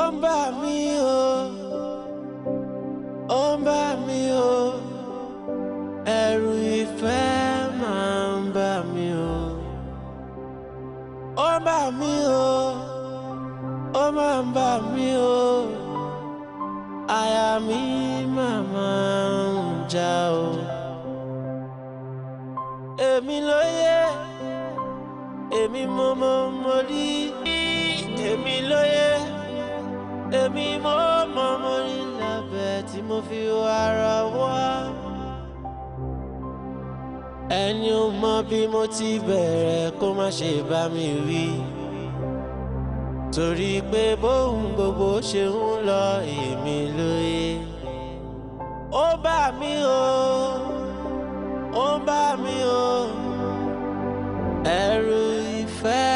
ó ń bà mí o ó ń bà mí o ẹ̀rù ìfẹ́ máa ń bà mí o ó ń bà mí o ó máa ń bà mí o àyà mi màmá ń já o èmi ló yẹ èmi mọ́mọ́. èmi mo mọ mo ní lábẹ́ tí mo fi ara wá. ẹni ò mọ bí mo ti bẹ̀rẹ̀ kó má ṣe bá mi wí. torí pé bóun gbogbo ṣe ń lọ èmi lóye. ó bá mi o ó bá mi o ẹ̀rù ìfẹ́.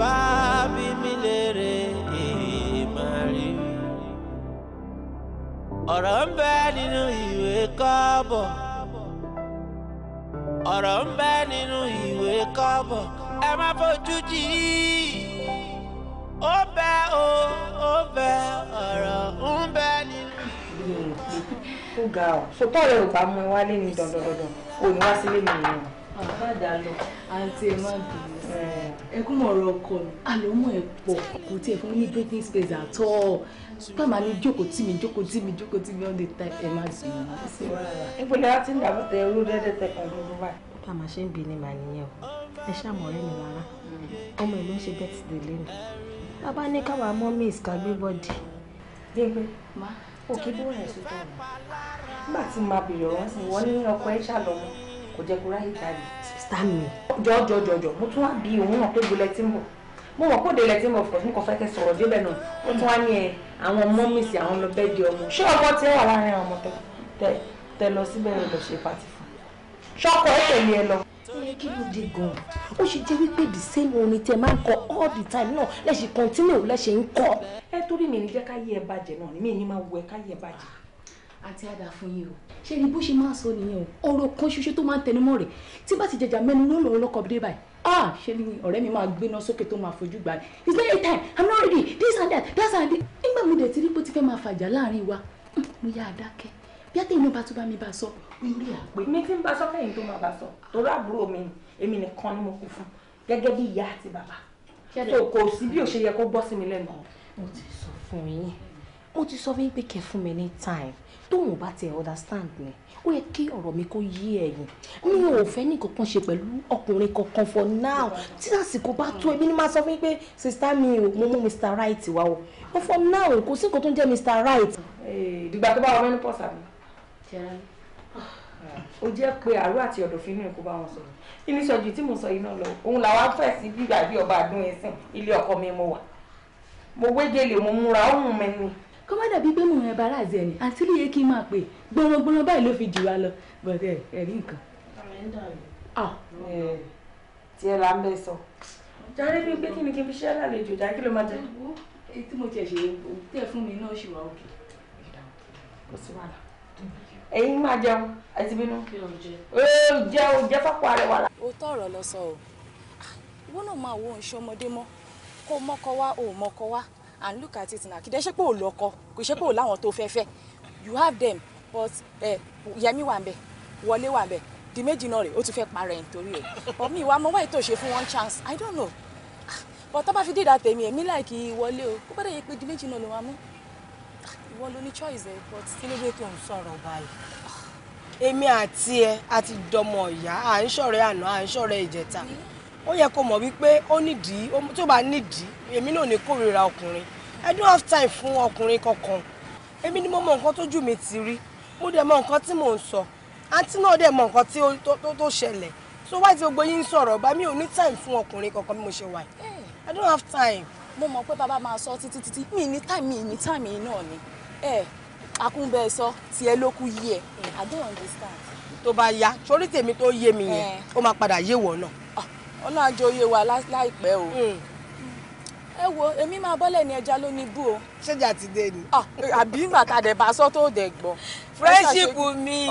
bàbá bí mi lérè èèmọ̀ ọrọ ọ̀rọ̀ ń bẹ nínú ìwé ọ̀rọ̀ ń bẹ nínú ìwé ẹ má fojú jì í bẹ o ó bẹ ọ̀rọ̀ ń bẹ ó ga ọ sọtọ́ rẹ̀ ò bá mú wálé ní dandandandan ò ní wá sílé mi nìyẹn. àbádàlọ àǹtí ẹ má bínú ẹkún mọ̀rọ̀ ọkọ mi àlọ́mọ ẹ̀ pọ̀ kò tiẹ̀ fún mi ní breaking space at all ṣùgbọ́n màá ní jókòó tí mi jókòó tí mi jókòó tí mi all the time ẹ má sùn. ìpínlẹ̀ wa ti ń dàbọ̀ tẹ olódẹ́dẹ́ tẹ pẹ̀lú bàbá. bá a máa ṣe ń bi ni màá nìyẹn o ẹ ṣàmọ̀rẹ́ mi rárá ọmọ ìlú ń ṣe bẹ́ẹ̀ ti délé mi bàbá ní káwa mọ́ miss ká gbé bọ́dì. gbégbé má òkè bí wọ́n yẹn ṣe tó wọn nígbà tí màá bèrè ọ̀rọ̀ sí wọ́n nínú ọkọ̀ ẹ̀ ṣàlọ́wọ́ kò jẹ́ kó ráyè jáde. sista mi. jọjọ jọjọ mo tún wá bí òun náà pé gbolẹ tí ń bọ̀ mo mọ̀ kóde lẹ tí mo fọ̀ mo kàn fẹ́ kẹ́ sọ̀rọ̀ débẹ̀ náà ó tún wá ní ẹ àwọn mọ́mísì àwọn lọ bẹ́ẹ̀ di ọmọ ṣé ọmọ tí ó wà láàrin ọmọ tẹ tẹ lọ síbẹ̀ lọ ṣe pàtì fún ṣọkọ ẹ tẹ̀lé ẹ lọ. kí ló dé gan-an ó ṣe jẹ́ wípé the same orin tẹ máa ń kọ all the time náà lẹ́sìn continue lẹ́sìn ń kọ. ẹ torí mi ní jẹ́ ká yí ẹ bàjẹ́ náà mi ní máa wọ ẹ ká yí ẹ bàjẹ́. àti àdá fún o ṣé ni bó ṣe máa sọ nìyẹn o ọ̀rọ̀ kan ṣoṣo tó máa ń tẹnumọ́ rẹ̀ tí bá ti jẹjà mẹ́nu ló lọ́wọ́ lọ́kọ̀ dé báyìí ah ṣé ni ọ̀rẹ́ mi máa gbéná sókè tó máa fojú gbà it's not a time i'm not ready this and that that's and that nígbà mi dẹ̀ ti rí pé ó ti fẹ́ máa fàjà láàrin wa mo yá a dákẹ́ bí a tẹ̀yìn náà bá tún bá mi bá sọ orí àpè. mi ti ń bá sọ kẹ́yìn tó máa bá sọ torí àbúrò mi èmi nìkan ni mo kù fún gẹ́gẹ́ bí ìyá àti bàbá tó kò sí bí ó ṣe yẹ kó bọ́ sí mi lẹ́nu. mo ti sọ fún yín mo ti sọ fún yín pé kẹ́ fún mi ní time tóun bá tiẹ̀ understand ni ó yẹ kí ọ̀rọ̀ mi kó yí ẹ̀yìn mi ò fẹ́ ní kankan ṣe pẹ̀lú ọkùnrin kankan for now tí àsìkò bá tó ẹbí ni máa sọ fún mi pé sista mi ò mo mú Mr Right wá o but for now kò sí nǹkan tó ń jẹ́ Mr Right. ìdìgbà eh, tó bá wọn mẹ́nu pọ̀ sàbí ó jẹ́ pé àrú àti ọ̀dọ̀fínú ẹ̀ kó bá wọn sọ̀rọ̀ iníṣọ́jú tí mo sọ yìí lọ òun làwa fẹ́ sí gbígbà bí ọba àdúnyẹsìn ilé ọkọ mi mo wà mo wégele mo múra ó hùn mẹ́ni kó má dàbí pé mò ń bára àzẹ ni àǹtí lè yẹ kí n máa pè gbọ̀nrọ̀gbọ̀nrọ̀ báyìí ló fi jù wá lọ bọ̀dẹ̀ eh, ẹ̀rí nǹkan. Ah. tí ẹ là ń bẹ sọ. jáde bíi pé kí ni kí n fi ṣe àlejò já kí ló máa jẹ. èyí tí mo tiẹ̀ ṣe tẹ̀ fún mi náà ṣì wá òkè. kò sí wàhálà. ẹ̀yin máa jẹun àti bínú. ó jẹ ó jẹ fọ́pọ̀ arẹwà. ó tọrọ lọ sọ o ah, ìwọ náà máa wo ìṣọmọdé mọ kó mọkọ wá ò mọkọ wá and look at it now kì í dẹ́ ṣe pé ò lọ́kọ kò ṣe pé ò láwọn tó fẹ́ fẹ́ you have them but yẹmi wà ń bẹ wọlé wà bẹ di méjì náà rè ó tún fẹ́ para ẹ̀ nítorí ẹ̀ but mi ìwà ọmọwá ètò ṣe fún one chance i don't know but tó bá fi dídà tèmi èmi láìkì wọlé o kó bá dẹ̀ yẹ pé di méjì náà ló máa mú ìwọ ló ní choice ẹ but. kí ló dé tó ń sọ̀rọ̀ báyìí èmi àti ẹ àti dọmọ ìyá à ń ṣọ̀rẹ́ àná à ń ṣọ̀rẹ́ ìjẹta. Mm -hmm ó yẹ kó mọ̀ wípé ó nídìí tó bá nídìí èmi náà ní kórìíra ọkùnrin I don't have time fún ọkùnrin kankan èmi ni mo mọ nǹkan tójú mi ti rí mo dẹ̀ mọ nǹkan tí mò ń sọ àǹtí náà dẹ̀ mọ nǹkan tó ṣẹlẹ̀ so wáyé tí gbogbo yín sọ̀rọ̀ bá mi ò ní time fún ọkùnrin kankan bí mo ṣe wà yìí eh. I don't have time. mo mọ̀ pé bàbá máa sọ títí títí mi ní time mi ní time yìí náà ni eh, ẹ akúnbẹ sọ tiẹ̀ ló kú yí ẹ I don't understand. tó bá yá sórí tèmi tó yé mi yẹn eh. ó máa padà yé wọ náà ọlọ́run àjọ oyè wa láìpẹ́ o hmm. ẹ wo èmi máa bọ́lẹ̀ ní ẹja ló ní bú o. ṣéjà ti dé ni. àbí bàtà dẹ̀ bá sọ tó dẹ̀ gbọ́. friendship mi.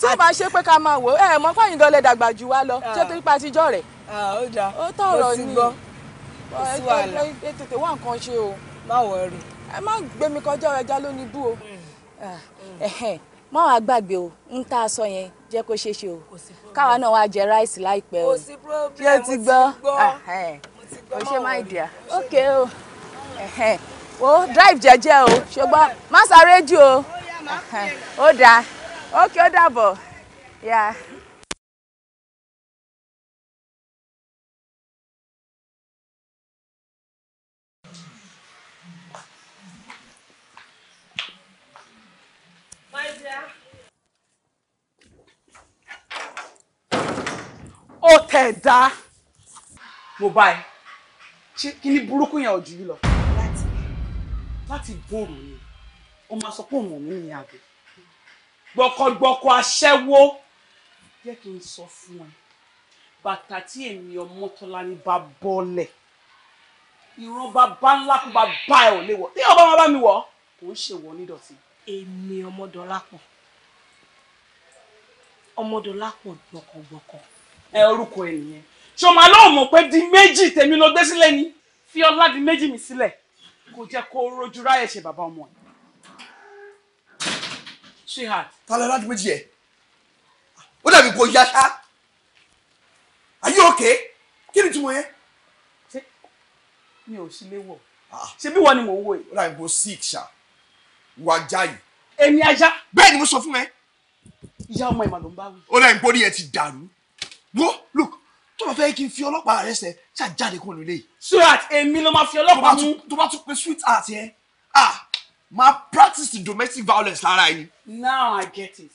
tí o máa ṣe pé ká máa wò ó ẹ mọ fáyín dọ́lẹ̀ dàgbà jù wá lọ ṣé ah. torí pa àtijọ́ rẹ̀. Ah, ó dà ó tọrọ ni ó sì wà lọ. ẹ tètè wá nǹkan ṣe o. má wọ ẹrù. ẹ má gbé mi kọjá ẹja ló ní bú o. Hmm. Ah, má wàá o ń tá a sọ yẹn jẹ́ kó ṣeé ṣe o káwa náà wá jẹ ráìsì láìpẹ́ o kí o ti gbọ́ o ṣe má ìdíyà ok o o drive jẹ́jẹ́ o ṣùgbọ́n má sáré jù o ó dáa ok ó dàbọ̀ yà. Yeah. ó tẹ̀ dá mo bá ẹ ṣé kíní burúkú yẹn ò jù yí lọ láti láti bòrò ni ó máa sọ pé òun ò ní ní àbẹ gbọkọgbọkọ aṣẹ́wó jẹ́ kí n sọ fún ẹ bàtà tí èmi Ọmọ́tọ́láni bá bọ́lẹ̀ ìran bàbá ńlá kó bá bá ẹ ò lè wọ̀ tí ọba máa bá mi wọ̀ kò ń ṣèwọ nídọ̀tí. èmi Ọmọdọ̀lápọ̀ Ọmọdọ̀lápọ̀ gbọkọgbọkọ ẹ orúkọ ẹ nìyẹn ṣọmọ aláwọ̀ mọ̀ pé di méjì tèmi ló gbé sílẹ̀ ni fi ọlá di méjì mi sílẹ̀ kò jẹ́ kó rojú ráyè ṣe bàbá ọmọ ẹ̀. sweetheart. ta ló láti méjì ẹ ó dàbí kò yá ṣá ayé òkè kí ni túmọ̀ yẹn. ṣé mi ò sí léwọ̀ ah. ṣé bí wọ́n ni mò ń wò yìí. ó dàbí kò sick ṣá wà já yìí. èmi ajá. bẹ́ẹ̀ ni mo sọ fún ẹ. ìyá ọmọ ìmàlùmbáwí. ó dàbí kò ní ẹ ti dàrú wo look tó bá fẹ́ kí n fi ọlọ́pàá rẹ sẹ ṣáà jáde kúrò nílé yìí. sweetheart èmi ló máa fi ọlọ́pàá mú. tó bá tún pe sweetheart yẹn ah máa practice domestic violence lára ẹni. now i get it.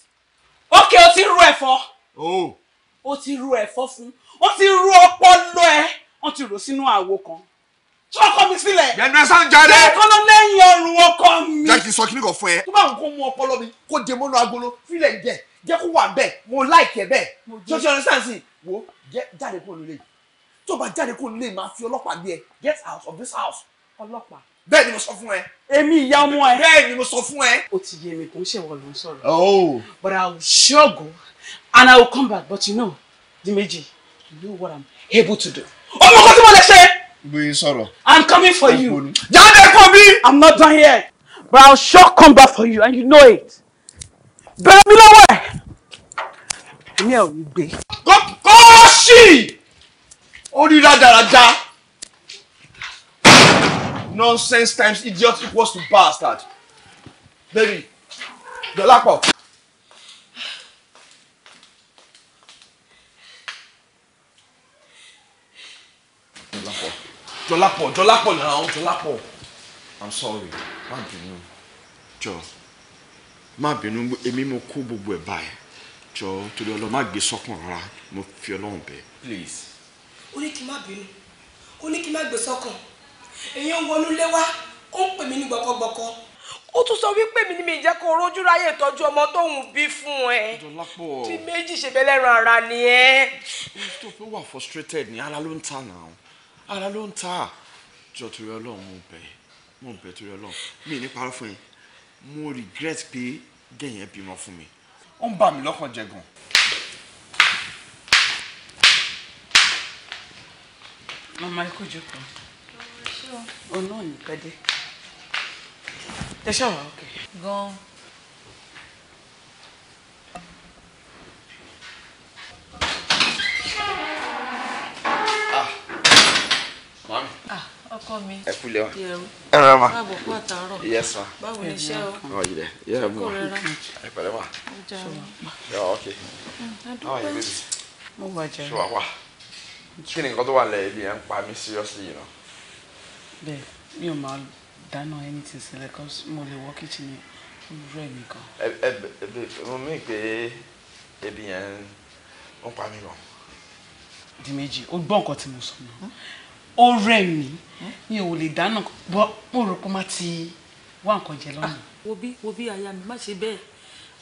ókè o ti rú ẹ̀fọ́. o. Oh. o ti rú ẹ̀fọ́ fún o ti rú ọpọlọ ẹ wọ́n ti rò sínú àwo kan tí ọkọ mi sílẹ̀. yẹnu ẹsẹ̀ ń jáde. ṣé kọ́nà lẹ́yìn ọrùn ọkọ mi. jẹ́ kí n sọ kí ni kò fún ẹ. tó bá ń kó mú ọpọlọ mi kó dé mọ́nú agolo fílẹ̀ jẹ́ jẹ́ kó wà bẹ́ẹ̀ mo like ẹ bẹ́ẹ̀ tó ṣe understand sí wo jáde kúrò nílé tó bá jáde kúrò nílé máa fi ọlọ́pàá gbé ẹ get out of this house. ọlọ́pàá. bẹ́ẹ̀ ni mo sọ fún ẹ. èmi ìyá ọmọ ẹ. bẹ́ẹ̀ ni mo sọ fún ẹ. o ti yé mi kò ń ṣèwọ ló ń sọ̀rọ̀. oh. but i will sure go and i will come back but you know Dimeji you know what i'm able to do. ọmọ kan tí mo lè ṣe. bí sọ̀rọ̀. i'm coming for you. jáde kọ́ mi. i'm not done yet, but i will sure come back for you and you know it. kìíní ẹ̀ ò ní gbé. kọ́ọ̀ṣì orí rádaràda nonsense times idiot equals to bastard baby dọ́lápọ̀. Jọlápọ̀ Jọlápọ̀ náà Jọlápọ̀ I'm sorry má bínú jọ má bínú èmi mo kó gbogbo ẹ̀ báyìí jọ torí ọlọ́run má gbé sọ́kàn rárá mo fi ọlọ́run bẹ́ẹ̀. please. ó ní kí n má bínú ó ní kí n má gbé sọ́kàn èèyàn wọnú lé wá ó ń pè mí ní gbọkọgbọkọ ó tún sọ wípé mi ni mi jẹ́ kó rojú ráyè tọ́jú ọmọ tóun bí fún ẹ tí méjì ṣe bẹ́ẹ̀ ara ni ẹ. tó fi wà frustrated ni ara ló ń ta náà ara ló ń ta jọ torí ọlọ́run mo bẹ̀ mo bẹ̀ torí ọlọ́run mi ní parọ́ fún yín mo regret pé gẹ̀yìn bímọ fún mi ó ń bà mí lọ́kàn jẹ́ gan. mama ikú jókòó ọlọ́run nìkan dé ẹ ṣàwà òkè. gan-an ọkọ mi ẹ kúlẹ̀ wa ẹ rẹ ma kí ni nǹkan tó wà lẹ́yìn bí ẹ ń pa mí seriously yìí náà. bẹ́ẹ̀ mi ò máa dáná anything sílẹ̀ cause mo lè wọ kitchen ní olùrọ nìkan. ẹ mo mí pé ebi yẹn ń pa mí gan. di méjì ó gbọ́ nǹkan tí mo sọ náà. Hmm? ó rẹ̀ mí mi ò lè dáná bọ́ mo rò pé má ti wá nǹkan jẹ lọ́nà. Ah, wo bí wo bí aya mi má ṣe bẹ́ẹ̀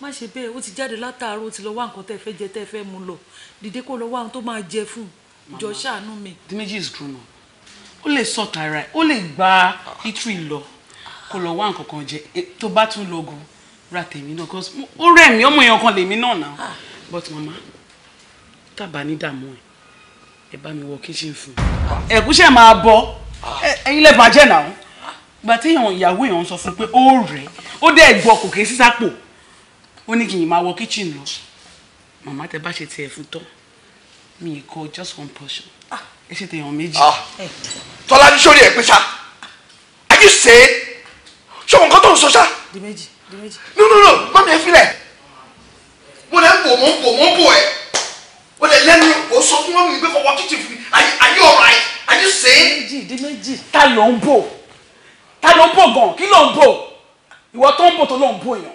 má ṣe bẹ́ẹ̀ ó ti jáde látàárọ̀ ó ti lọ wá nǹkan tẹ́ fẹ́ jẹ tẹ́ fẹ́ mu lọ dìde kó lọ wá ohun tó máa jẹ fún jọ ṣàánú mi. the méjì is grown up ó lè sọ tara ó lè gba itri lọ kó lọ wá nǹkan kan jẹ e, tó bá tún lọgùn ra tèmi náà cause ó rẹ̀ mí ọmọ èèyàn kan lèmi náà náà ah. but mama tábà ní dààmú ẹ̀ ẹ bá mi wọ kitchen fún un. ẹ̀gúsẹ̀ máa bọ ẹ̀yin lè bàjẹ́ náà gba téèyàn ìyàwó èèyàn sọ fún pé ó rẹ̀ ó dẹ̀ gbọ́ kò kéé sísàpò ó ní kì í máa wọ kitchen lọ màmá tẹ bá ṣe tiẹ̀ fún tán mi ì kọ just one portion ẹ ṣe tèèyàn méjì. Ah. tọ́lá ní sórí ẹ̀ pé sá ayé ṣe é ṣọwọ́n nǹkan tó ń sọ sá. di méjì di méjì. no no no mami ẹ filẹ̀ mo lẹ́ ń bò mo ń bò mo ń bò ẹ̀ ó lè lẹ́nu ó sọ fún wọn pé kò wọ kitchen fún mi are you alright are you safe? méjì ìdí méjì ta ló ń bò ta ló ń bò gan kí ló ń bò ìwọ tó ń bò tó ló ń bò yàn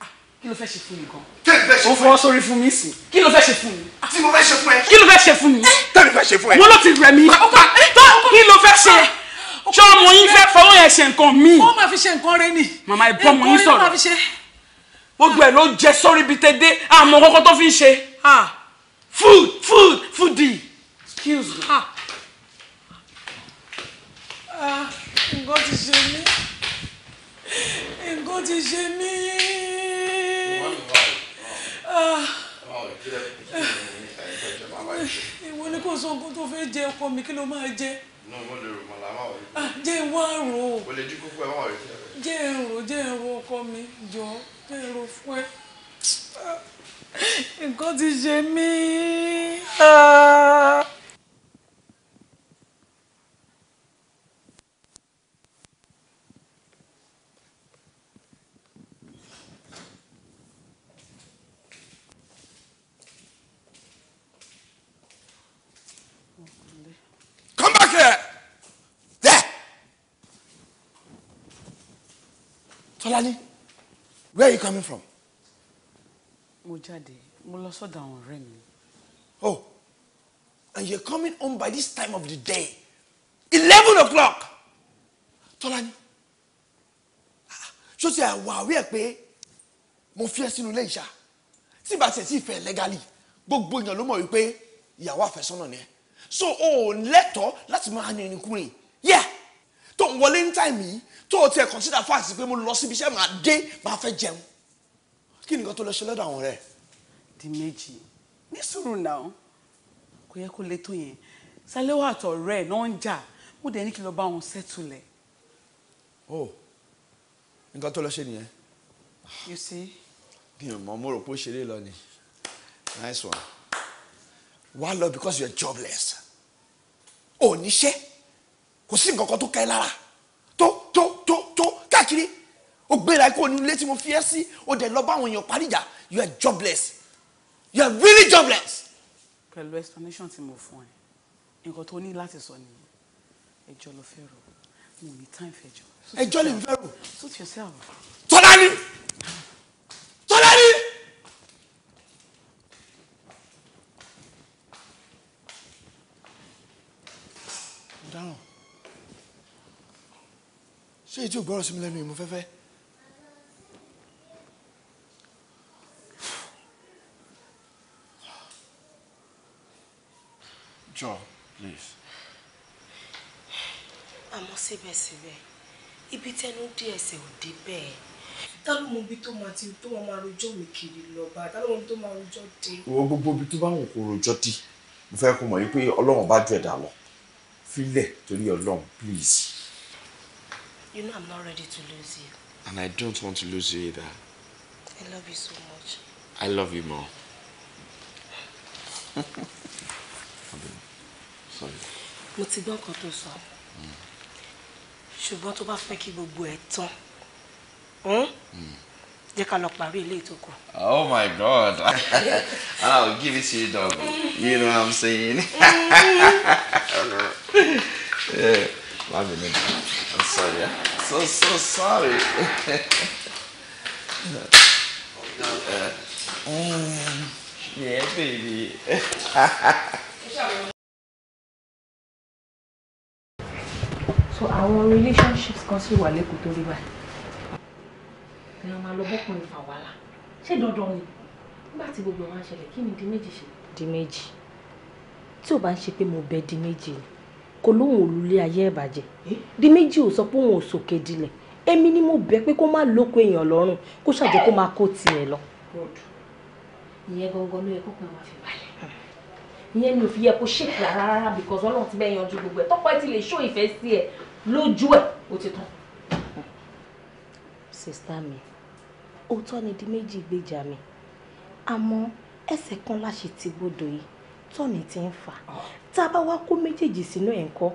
ah, kí ló fẹ́ ṣe fún mi gan. tẹ́lẹ̀ fẹ́ ṣe fún mi. o fọwọ́ sórí fún mi sìn. kí ló fẹ́ ṣe fún mi. tí ah, mo fẹ́ ṣe fún ẹ. kí ló fẹ́ ṣe fún mi. tẹ́lẹ̀ eh? fẹ́ ṣe fún ẹ. wọn ló ti rẹ̀ mí. Ah, eh, kí ló fẹ́ ṣe ṣé ọmọ yín fẹ́ fọwọ́ yẹn ṣe nǹkan mi. wọ́n máa fi ṣe nǹkan rẹ ni. màmá ẹ̀ ló food food foodie excuse me. Ah, ti ṣe mí nǹkan ti ṣe mí. Ah. ìwọ ni kò sọ nǹkan tó fẹ́ jẹ ọkọ mi kí ló máa jẹ. Ah, jẹ́ ìwọ àrò. o lè dín kókó ẹ̀ wọ́n rẹ̀ jẹ́. jẹ́ ẹ̀rọ jẹ́ ẹ̀rọ ọkọ mi jọ jẹ́ ẹ̀rọ fún ẹ. Ah nǹkan ti ṣe mí. Come back here. There. Tolani, where are you coming from? mo jáde mo lọ sọ́dọ̀ àwọn ọ̀rẹ́ mi. oh and you're coming home by this time of the day eleven o'clock tọ́lání ṣó ti àwọn àwẹ̀ pé mo fi ẹ́ sínú ilé ìṣá tí ìbá tiẹ̀ tí ì fẹ́ lẹ́gálì gbogbo èèyàn ló mọ̀ wípé ìyàwó àfẹ́sọ́nà ni ẹ́ so o ò lẹ́tọ̀ọ́ láti máa yan ìrìnkúrìn yẹ́ tó ń wọlé ní táìmì yìí tó o tiẹ̀ consider fáàsì pé mo lọ síbi iṣẹ́ màá dé màá fẹ́ jẹun kí nìkan tó lọ ṣe lọ́dọ̀ àwọn rẹ̀. di méjì ní sùúrù náà kò yẹ kó le tó yẹn sálẹ́wà àtọ̀rẹ́ ẹ̀ náà ń jà mo dẹ̀ ní kí lọ bá wọn sẹ́tùlẹ̀. o nǹkan tó lọ ṣe nìyẹn. you see. mi ò mọ mo rò pé ó ṣeré lọ ni nice one wá lọ because you are jobless ò níṣẹ́ kò sí nǹkan kan tó ká ẹ lára tó tó tó tó káàkiri ó gbéra kó nínú ilé tí mo fi ẹ́ sí ó dẹ̀ lọ bá àwọn èèyàn parí you are jobless you are really jobless. pẹ̀lú explanation tí mo fún ẹ nǹkan tó ní láti sọ nìyí ẹjọ́ ló fẹ́ rò mo ní time fẹ́ jọ. ẹjọ́ lè fẹ́ rò. suit yourself. Tọ́lání Tọ́lání. ọ̀daràn ṣé èyí tí ò gbọ́rọ̀ sí mi lẹ́nu ìmúfẹ́fẹ́. jọ please. àmọ́ síbẹ̀síbẹ̀ ibi tẹnu dé ẹsẹ̀ ò dé bẹ́ẹ̀ ta ló mọ ibi tó máa ti tó máa máa rojọ́ mi kiri lọ bá ta ló mọ ibi tó máa rojọ́ dé. wo gbogbo ibi tó bá wù kó rojọ́ dé mo fẹ́ kó mọ̀ yín pé ọlọ́run bá ju ẹ̀dá lọ fílẹ̀ torí ọlọ́run please. you know i'm not ready to lose you. and i don't want to lose you either. i love you so much. i love you more. mo ti gbọ́ nǹkan tó sọ ṣùgbọ́n tó bá fẹ́ kí gbogbo ẹ̀ tán hmm. jẹ́ ká lọ parí ilé ìtòkù. oh my god ah, I'll give it to you dog you know what i'm saying. yeah. Má bínú, I'm sorry. Yeah? So, so sorry. uh, yeah, baby. so our relationships kan sì wà lẹ́kọ̀ọ́ tó rí báyìí ni a máa lọ bọ́kùnrin fà wàhálà ṣé dandan ni nígbà tí gbogbo wọn á ṣẹlẹ̀ kí ni di méjì ṣe. di méjì tí ò bá ń ṣe mo be di méjì ni kò lóun òrùlé ayé ìbàjẹ́ di méjì ò sọ pé òun ò sòkè dilẹ̀ èmi ni mo bẹ pé kó má lóko èèyàn lọ́rùn kó ṣàjẹ́ kó máa kó tiẹ̀ lọ. ìyẹn gangan ló yẹ kó pin àwọn àfi balẹ̀ ìyẹn ni ò fi yẹ kó ṣèkì rárá rárá bìkọ́sọ́ ọlọ́run ti bẹ́ẹ̀ yanjú gbogbo ẹ̀ tọ́pọ̀ ẹ ti lè ṣó ìfẹ́ sí ẹ lójú ẹ̀ ó ti tán. sista mi òótọ́ ni di méjì gbèjà mi àmọ́ ẹsẹ̀ kan láṣẹ ti gbọ́dọ̀ yìí tọ́ni ti ń fà ah. tá a bá wá kó méjèèjì sínú ẹ̀ ń kọ́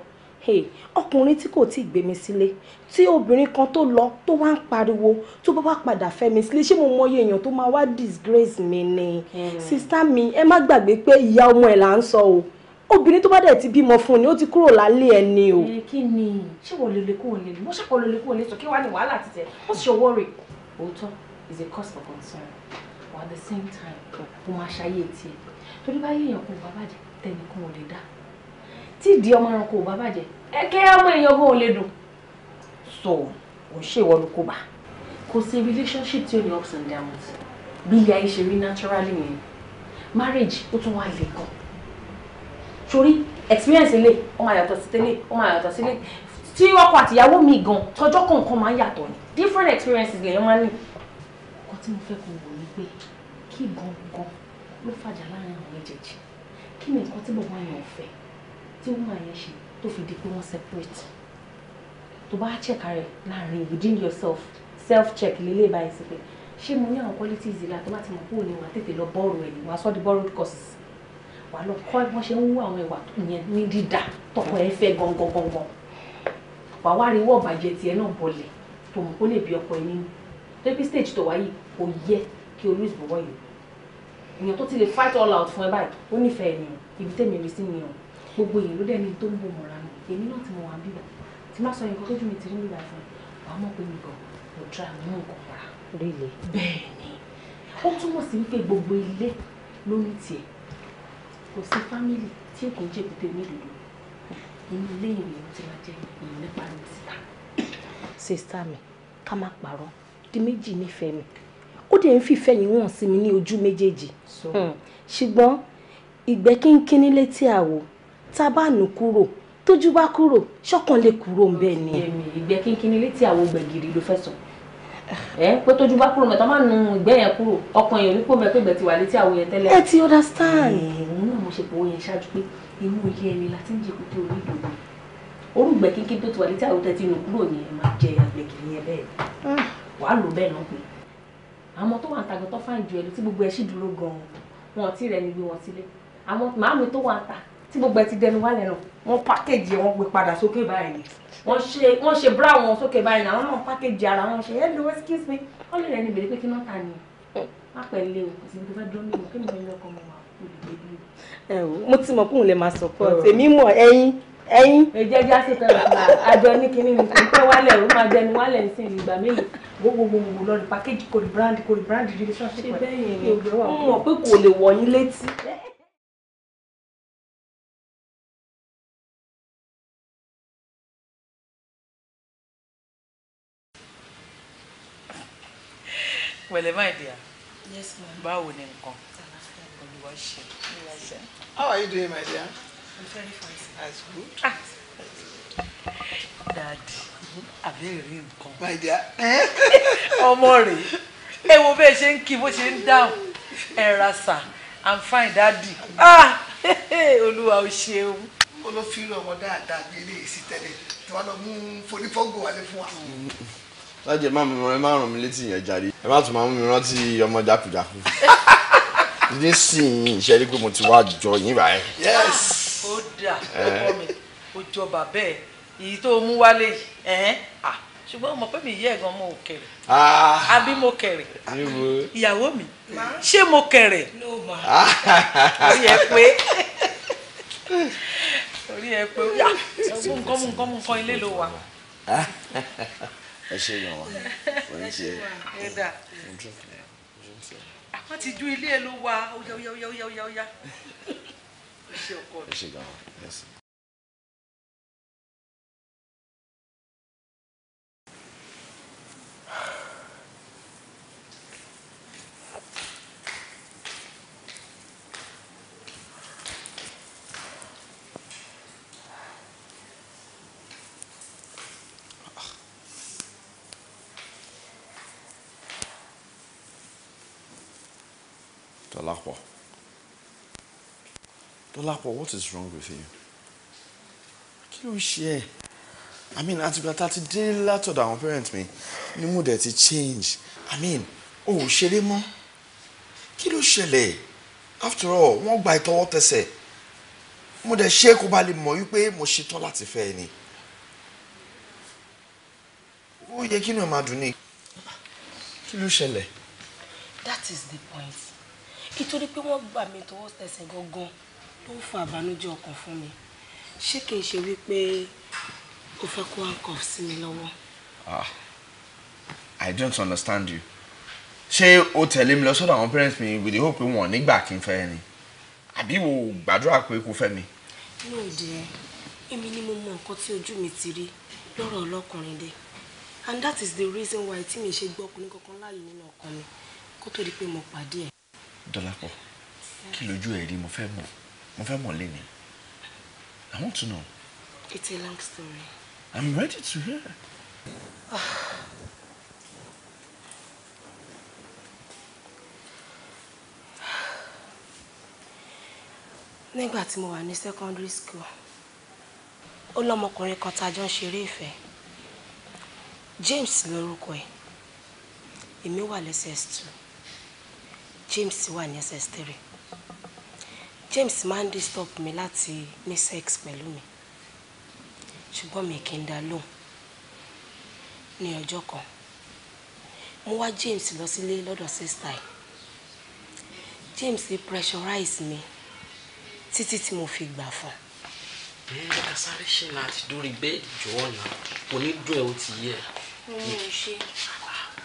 ọkùnrin tí kò tí ì gbé mi sílé tí obìnrin kan tó lọ tó wá ń pariwo tó bá wá padà fẹ́ mi sílé ṣé mo mọyì èèyàn tó máa wá disgrace mi ni hmm. sista mi ẹ má gbàgbé pé ìyá ọmọ ẹ̀ là ń sọ o obìnrin tó bá dẹ̀ ti bímọ fún ni ó ti kúrò lálé ẹ ni o. ẹ eh, kí ni ṣé wọ́n lè kúrò nílùú wọ́n ṣàkọ́ lè kúrò nílùú kí wàá ní wàhálà ti tẹ̀ what's your worry. òótọ́ is a cause for concern but at the same time mo máa ṣayé tiẹ̀ torí bá yéèyàn kò bá bàjẹ́ tẹnìkan ò lè dá tí ìdí ọmọ ẹranko ò bá bàjẹ́ ẹ kẹ́ ọmọ èèyàn gan ò lè dùn. so ò ń ṣèwọ ló kó bá. kò sí relationship tí ó ní ups and downs bí ilé ayé ṣe rí naturally yẹn marriage ó tún wá le gan torí experience le ó máa yàtọ̀ sí tẹ́lẹ̀ ó máa yàtọ̀ sí ilé tí ọkọ àtìyàwó mi gan tọjọ́ kọ̀ọ̀kan máa ń yàtọ̀ ni different experiences lèyàn máa ń ní. nǹkan tí mo fẹ́ kó wò ni pé kí gangan ló fàjà láàrin àwọn méjèèjì kí ni nǹkan tí bàbá yẹn ò fẹ́ tí wọ́n máa yẹn ṣe tó fi di pé wọ́n separate tó bá check rẹ̀ láàrin within yourself self check lélẹ̀ báyìí sí pé ṣé mo ní àwọn qualities ìlà tó bá ti mọ̀ kó o ní wà tètè lọ bọ́ọ̀rù ẹ̀ wà sọ́ di borrowed courses wà lọ kọ́ bí wọ́n ṣe ń wú àwọn ìwà yẹn ní dídà tọkọ ẹ fẹ́ gangan gangan wà wá rí wọ́ọ̀ bàjẹ́ tiẹ̀ náà bọ̀lẹ̀ tó mọ̀ kó lè bí ọkọ ẹ nínú débi stage tó wáyé kò yẹ kí olú ìbọ̀wọ̀ yìí èèyàn tó ti lè fight all out fún ẹ báyìí ó nífẹ̀ẹ́ ènìyàn ibi tẹ́mi rí sí nìyàn gbogbo èèyàn ló dẹ́ni tó ń bò mọ̀ra mi èmi náà ti mọ̀ wá bíbà tí má sọ nǹkan tójú mi ti rí bíbà fún wàá mọ̀ pé mi gan mo dra mi mú nǹkan para. bẹ́ẹ̀ ni ó túmọ̀ sí wípé gbogbo ilé ló ní tiẹ̀ kò sí fámìlì tí ò kì í jèkúté mélòó inú ilé ìwé ló ti máa jẹ èyí nípa ní síta. sista mi ká má parọ́ di méjì nífẹ̀ẹ́ mi ó dẹ̀ ń fìfẹ́ yìí wọ̀n sí mi ní ojú méjèèjì hmm. ṣùgbọ́n ìgbẹ́ kínkín nílé tí a wò tá a bá nù kúrò tójú bá kúrò ṣọ́kàn lè kúrò ń bẹ́ẹ̀ ni. ìgbẹ́ kínkín nílé tí a wò gbẹ̀gìrì ló fẹ́ sọ ẹ pé tójú bá kúrò mẹ́ta máa nu ìgbẹ́ yẹn kúrò ọkàn yẹn onípò mẹ pé ìgbẹ́ ti wà létí àwọn yẹn tẹ́lẹ̀. ẹ ti understand. òun náà mo ṣe pòwó yẹn ṣáájú pé inú iye ẹni la ti ń jẹun tó orí ìdòdò orúgbẹ kínkín tó ti wà létí àwọn tẹ ti nù kúrò yẹn máa jẹ àgbẹ̀kìlì yẹn bẹ́ẹ̀ ah. wàá lò bẹ́ẹ̀ náà pé àwọn tó wà ń tàgé tó fáìn ju ẹni tí gbogbo ẹ sì dúró gan-an wọn ti rẹ níbi wọn sílé àwọn màámi tó wà ń tà tí gbogbo ẹ ti dẹnu wálẹ̀ náà wọ́n pákéjì wọn gbé padà sókè báyìí wọ́n ṣe wọ́n ṣe bra wọn sókè báyìí náà wọ́n náà pákéjì ara wọn ṣe hello excuse me wọ́n lè rẹ́ni bèrè pé kí náà ta ni má pẹ̀lẹ́ o kò sí ní tó fẹ́ dúró mímọ́ kí mi ò ọkọ mi wà olùdókòwò. ẹ o mo ti mọ̀ kóun lè máa support èmi mọ̀ ẹ̀yin ẹ̀yin. èjẹ́ jẹ́ àṣetọ̀ ìgbà àjọ ní kinní ní kò tẹ́ wálẹ̀ ó máa dẹnu wálẹ̀ ní sin ìgbà mélòó gbogbogbò lọ ní pàkéjì kò ní brand kò ní brand relationship rẹ̀ ṣe bẹ́ẹ̀ yẹn ni mo mọ̀ pé kò lè wọ̀ yín létí. pẹ̀lẹ́ my dear. yes ma'am. báwo ni nǹkan. olúwa ṣe. how are you doing my dear. i'm very fine. that's good. Ah. dadi àbẹ̀rẹ̀ nǹkan. my dear. Eh? ọmọ rẹ̀ ẹ wo bẹ́ẹ̀ ṣe ń kí bó ṣe ń dáhùn ẹ ra sà i'm fine dadi ah olúwa o ṣeun. olófin ọmọ dáadáa gbé ilé ìsítẹ́lẹ̀ tí wọ́n lọ mú fonífọ́gò wálé fún wa lájẹ má mi rán ẹ má rán mi létí yẹn jàre ẹ má tún máa mú mi rántí ọmọ jákujàku ní ìṣẹ́rí pé mo ti wá jọ yín báyìí. yes. Ah, ó dà eh. ọkọ mi ó jọba bẹ́ẹ̀ èyí tó mú wálé yìí ṣùgbọ́n mo pé mi yí ẹ̀gàn mo kẹ̀rẹ̀ ah. àbí mo kẹ̀rẹ̀ ìyàwó mi ṣé mo kẹ̀rẹ̀ ah. orí ẹ pé orí ẹ pé mú nǹkan mú nǹkan mú nǹkan ilé ló wà ẹṣẹ yẹn wa wọn ti yẹ ti ju ilé ẹ ló wa ó yá ó yá ó yá ó yá ó yá ó ṣe ọkọ rẹ Dọ́lápọ̀, what is wrong with you? Kí ló ń ṣe ẹ́? I mean, àtìgbà tá a ti dé látọ̀dọ̀ àwọn parent mi ni mo dẹ̀ ti change. I mean, o ò ṣeré mọ́. Kí ló ṣẹlẹ̀? After all, wọ́n gba ìtọwọ́ tẹsẹ̀. Mo dẹ̀ ṣe kó ba lè mọ̀ wípé mo ṣetán láti fẹ́ ẹ ni. Ó yẹ kí ni ọ̀ máa dùn ní. Kí ló ṣẹlẹ̀? That is the point. Nítorí pé wọ́n gbà mí tọwọ́ tẹsẹ̀ gangan tó fa àbánújẹ́ ọkàn fún mi ṣé kìí ṣe wípé o fẹ́ kó handcuff sí mi lọ́wọ́. ah i don't understand you ṣé o tẹ̀lé mi lọ sọ́dọ̀ àwọn parents mi with the hope pé wọ́n nígbà kí n fẹ́ ni àbí wo gbàdúrà pé kò fẹ́ mi. ní òde èmi ni mo mọ nǹkan tí ojú mi ti rí lọ́rọ̀ ọlọ́kùnrin dé and that is the reason why tí mi ṣe gbọ́ ọkùnrin kankan láàyè nínú ọkàn mi kó tó di pé mo pàdé ẹ̀. dọ́lápọ̀ kí lójú ẹ̀ rí mo fẹ́ mọ̀ mo fẹ́ mọ̀ lẹ́ni I want to know. It's a long story. I'm ready to hear. nígbà tí mo wà ní secondary school ó lọ́mọkùnrin kan tá a jọ ń ṣeré ìfẹ́ James lórúkọ ẹ̀ èmi wà lẹ́sẹ̀ two James wà ní SS three. James máa ń disturb mi láti ní sex pẹ̀lú mi ṣùgbọ́n mi kì í dá lóhùn ní ọjọ́ kan mo wá James lọ sílé lọ́dọ̀ sister. James pressurize mi títí tí mo fi gbà fún un ẹ kasáré ṣe náà ti dórí bẹ́ẹ̀ jọ ọ̀nà kò ní dùn ẹ́ ó ti yẹ. mo ò ṣe.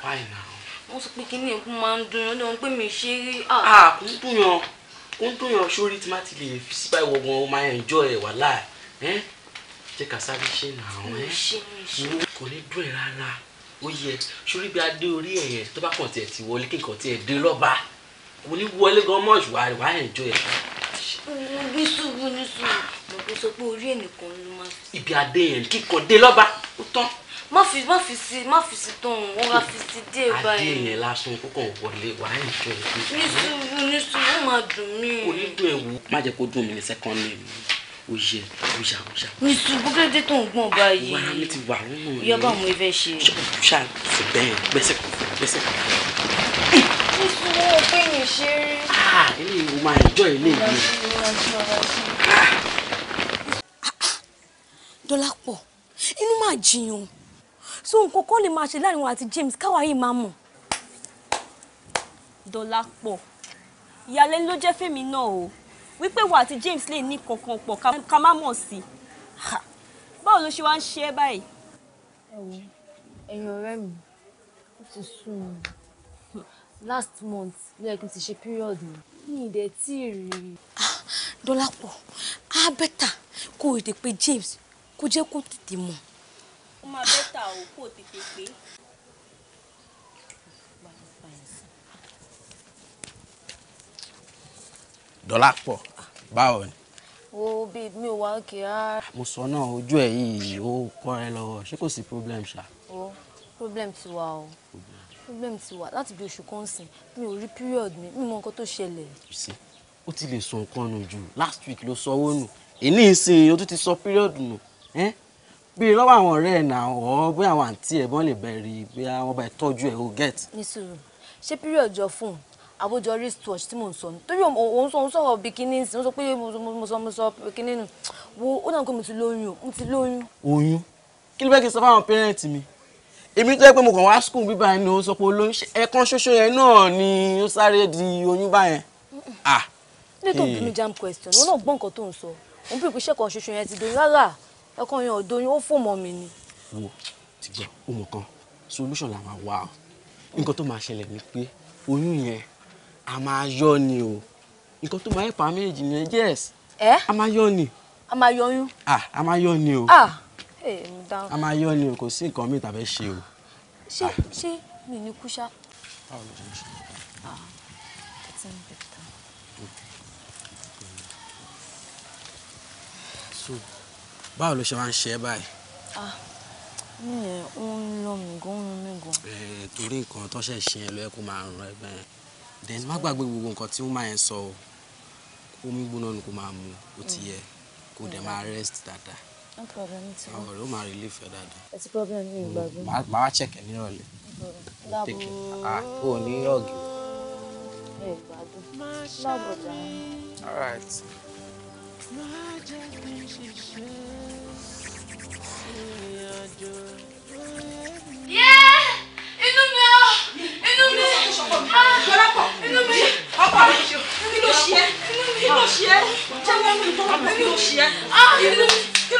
why now. wọ́n sọ pé kí ni ẹ̀kú máa ń dùn yàn lọ́wọ́ pé mi ṣe rí. kò ń dùn yàn ó ń dún sórí tí má ti lè fi sí báyìí wọ̀gbọ̀n ó máa enjoy ẹ̀ wà láà ẹ́ jẹ́ ká sáré ṣe nà án ẹ́ kò ní dún ẹ̀ rárá ó yẹ sórí bí adé orí ẹ̀ tó bá kàn tiẹ̀ ti wọlé kíkan tiẹ̀ dé lọ́ba kò ní wọlé gan mọ́ ìwà wà á enjoy ẹ̀. bí sùúrù ní sùúrù mo kò sọ pé orí ẹnìkan ló máa. ibi adé yẹn kíkan dé lọ́ba ó tán má fi má fi si má fi si tó òun wọ́n á fi si díẹ̀ báyìí. adé yẹn lásán kókó wọlé wà á ìfẹ́ ìfẹ́. ní sùúrù ní sùúrù ó máa dùn mí. onídùn ẹ̀wù má jẹ́ kó dùn mí ní second name o yẹ o yà o yà. ní sùúrù kéde tó ń gbọ̀n báyìí. wà á ní ti wà ó nù. yọ bá mo fẹ́ ṣe. ṣáà fò bẹ́ẹ̀ gbẹ́sẹ̀ kò fò gbẹ́sẹ̀ kò fò. ní sùúrù ó pè yín ṣe rí. Ah, eléyìí mo máa ẹjọ́ ilé yìí. dọ́là pọ̀ inú máa jiyàn so nǹkan kọ́ lè máa ṣe láàrin wọn àti James káwa yìí máa mọ̀. Dọlápọ̀ ìyàlẹ́nu ló jẹ́ fèmí náà o wípé wà àti James lè ní kankan pọ̀ ká má mọ̀ sí i báwo ló ṣe wá ń ṣe é báyìí. ẹ̀yin ọ̀rẹ́ mi ó ti sùn last month ló yẹ kí n ti ṣe period mi mi ì dẹ̀ tí ì rí i. Dọlápọ̀ á bẹ́tà kó o lè pe James kó jẹ́ kó tètè mọ̀ máa bẹ́tà o kò tètè pé. dọ́là pọ̀ báwo ni. o bí mi ò wá òkè rárá. mo sọ náà ojú ẹ yìí ó kọ́ ẹ lọ́wọ́ ṣé kò sí problem ṣá. o problem ti wà o problem ti wà láti bí oṣù kan sìn mi ò rí period mi mi mọ nǹkan tó ṣẹlẹ̀. ó ti lè sọ nǹkan nù jù last week ló sọ owó nù èyí ní ìsìn o ti sọ period nù. Eh? bíi lọ́wọ́ àwọn ọ̀rẹ́ ẹ̀ náà ọ̀ bóyá àwọn àǹtí ẹ̀ bọ́n lè bẹ̀rẹ̀ bóyá àwọn ọba ìtọ́jú ẹ̀ ò get. ní sùúrù ṣé period jọ fún un àbójọ wristwatch tí mò ń sọ nítorí òun sọ òun sọ̀rọ̀ bikini sí mo sọ pé mo sọ mo sọ bikini nù wo ó dàn pé mo ti lóyún mo ti lóyún. oyún kí ló fẹ́ kí n sọ fáwọn pẹ́rẹ́ǹtì mi èmi tó yẹ pé mo kàn wá skul bíbá yẹn ni ó sọ pé olóyún ẹ̀kan ṣoṣo yẹn náà ni ó sáré di oyún báyẹn. Ah, nítorí mi eh. jam question wọn náà gbọ́ nǹkan tó ń sọ òun bí ìpínṣẹ́ kan ṣoṣo yẹn ti doyún rárá ẹ̀kan yẹn ọ̀dọ́yìn ó fò mọ́ mi ni. wo ti gbọ́ ọmọ kan solution la máa wá o nǹkan tó máa ṣẹlẹ̀ ni pé oyún yẹn a máa yọ ni o nǹkan tó máa yẹ pa méjì ni yes a máa yọ ni. a máa yọ oyún. a máa yọ ni o a máa yọ ni o kò sí nǹkan míì tàbí ṣe o. ṣé ṣé mi ní kú so báwo ló ṣe wá ń ṣe ẹ́ báyìí. níyẹn ó ń lọ mí gan ń mí gan. torí nǹkan tó ṣe ṣe yẹn ló kó máa ràn ẹ́ bẹ́ẹ̀ then má gbàgbé gbogbo nǹkan tí ó máa ń sọ o omi gbóná ni kò máa mu ó ti yẹ kó dẹ̀ máa rest dáadáa. no problem ti o. àwọn ọ̀rẹ́ máa relief ẹ dáadáa. ẹ ti problem mi mm, ìgbàgbọ́. màá wá check ẹ nírọ̀lẹ́. dábò ah, ó ní ọ̀gì. ẹ gbàgbọ́ dábò dáa. all right má jẹ́ kí n ṣiṣẹ́ ìrìnàjò lóye mi. inú mi ọ inú mi inú mi ọkọ mi kí ló ṣe é kí ló ṣe é jẹ́wọ́ mi ọkọ mi ló ṣe é inú mi kí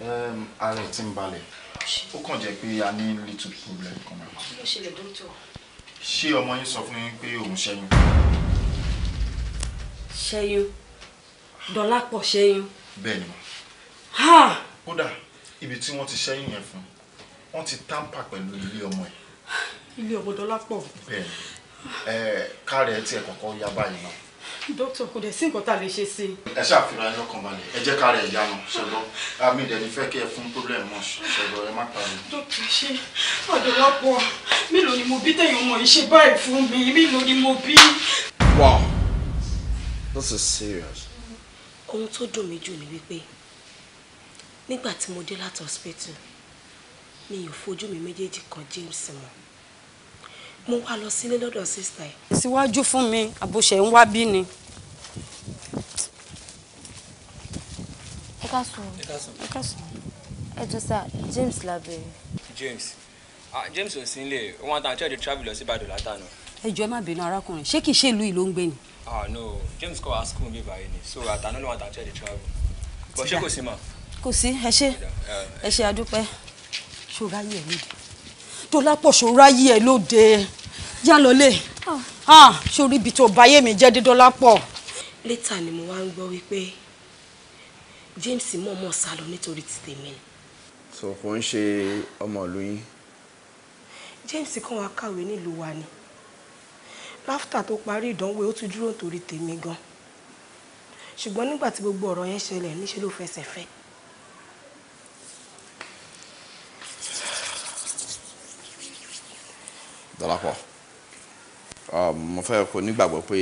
ààrẹ ti ń balẹ̀ ó kàn jẹ́ pé a ní little problem kan náà. kí ló ṣẹlẹ̀ dókítà. ṣé ọmọ yín sọ fún yín pé òun ṣẹ́yún. ṣẹ́yún dọ́lápọ̀ ṣẹ́yún. bẹ́ẹ̀ ni mo. kódà ibi tí wọ́n ti ṣẹ́yún yẹn fún wọ́n ti tamper pẹ̀lú ilé ọmọ yẹn. ilé ọmọ dọ́lápọ̀. bẹ́ẹ̀ ni káàrẹ̀ tiẹ̀ kọ̀ọ̀kan yá báyìí náà dókítà kò dẹ̀ sí nǹkan tá a lè ṣe sí i. ẹ ṣàfihàn ẹni ọkàn balẹ̀ ẹ jẹ́ ká rẹ̀ ìyanu ṣẹlọ àmì ìdẹ̀ni fẹ́ kí ẹ fún problem mọ́ ṣẹlọ ẹ má pariwo. dókítà ṣe ọ̀dọ̀lọ́pọ̀ mélòó ni mo bí tẹ̀yìn ọmọ yìí ṣe báyìí fún mi mélòó ni mo bí. wow this is serious. ohun tó dùn mí jù ni wípé nígbà tí mo dé láti hospital mi ò fojú mi méjèèjì kan James mọ́ mo wá lọ sílé lọ́dọ̀ sísá ẹ̀. síwájú fún mi àbòṣe ń wá bí ni. ẹ ká sùn ẹ ká sùn ẹ jọ sá James lábẹ́rẹ́. James ah James ò sí nílé wọn tàn church travel lọ sí Ìbàdàn látànà. ẹ jọ̀ọ́ ẹ má bínú arákùnrin ṣé kìí ṣe ìlú yìí ló ń gbé ni. ah no James kọ́ asukun bíbá yìí ni so àtànà ló wọn tàn travel bọ̀ ṣé kò sí mà. kò sí ẹ ṣe eh. ẹ ṣe àdúpẹ́ ṣòráyé ẹ lóde tó lápò ṣòráyé ẹ lóde já lọ lé sórí ah. ah, ibi tó bá yé mi jẹ́ dídọ́lá pọ̀. létà ni mo wá ń gbọ́ wípé James mọ̀ọ́mọ̀ sá lọ nítorí ti tèmi ni. sọ kò ń ṣe ọmọ ìlú yín. James kàn wá kàwé nílùú wa ni láfítà tó parí ìdánwò ó tún dúró nítorí tèmi gan ṣùgbọ́n nígbà tí gbogbo ọ̀rọ̀ yẹn ṣẹlẹ̀ níṣẹ́ ló fẹsẹ̀ fẹ́. Dọ́lápọ̀. Ah, mo fẹ́ kó nígbàgbọ́ pé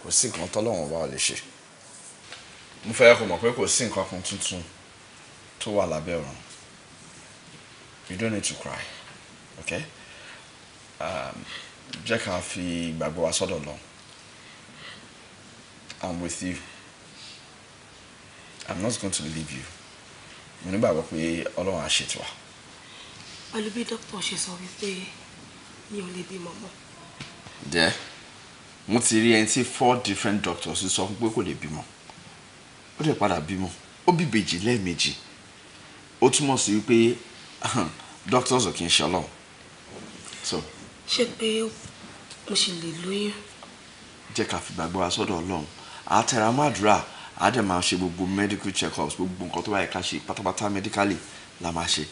kò sí nǹkan tọ́lọ́wọ́n bá lè ṣe mo fẹ́ kó mọ̀ pé kò sí nǹkan kan tuntun tó wà lábẹ́ ọ̀run you don't need to cry okay um, jẹ́ ká fi ìgbàgbọ́ wa sọ́dọ̀ lọ I'm with you I'm not going to leave you mo nígbàgbọ́ pé ọlọ́run á ṣètò wa. pẹ̀lú dókítà ṣe sọ wípé mi ò lè bímọ mọ́. dẹ́ mo ti rí ẹni tí four different doctors sọ fún pé kò lè bímọ ó dẹ̀ padà bímọ ó bí bèjì lẹ́ẹ̀mejì ó túmọ̀ sí wípé doctors ò kì í ṣe ọlọ́run. ṣé pé mo ṣì lè lóyún. jẹ́ ká fi gbàgbọ́ wa sọ́dọ̀ ọlọ́run àtẹ̀rà mádùúrà a máa ṣe gbogbo medical check-ups gbogbo nǹkan tó bá yẹ ká ṣe pátápátá medically la máa ṣe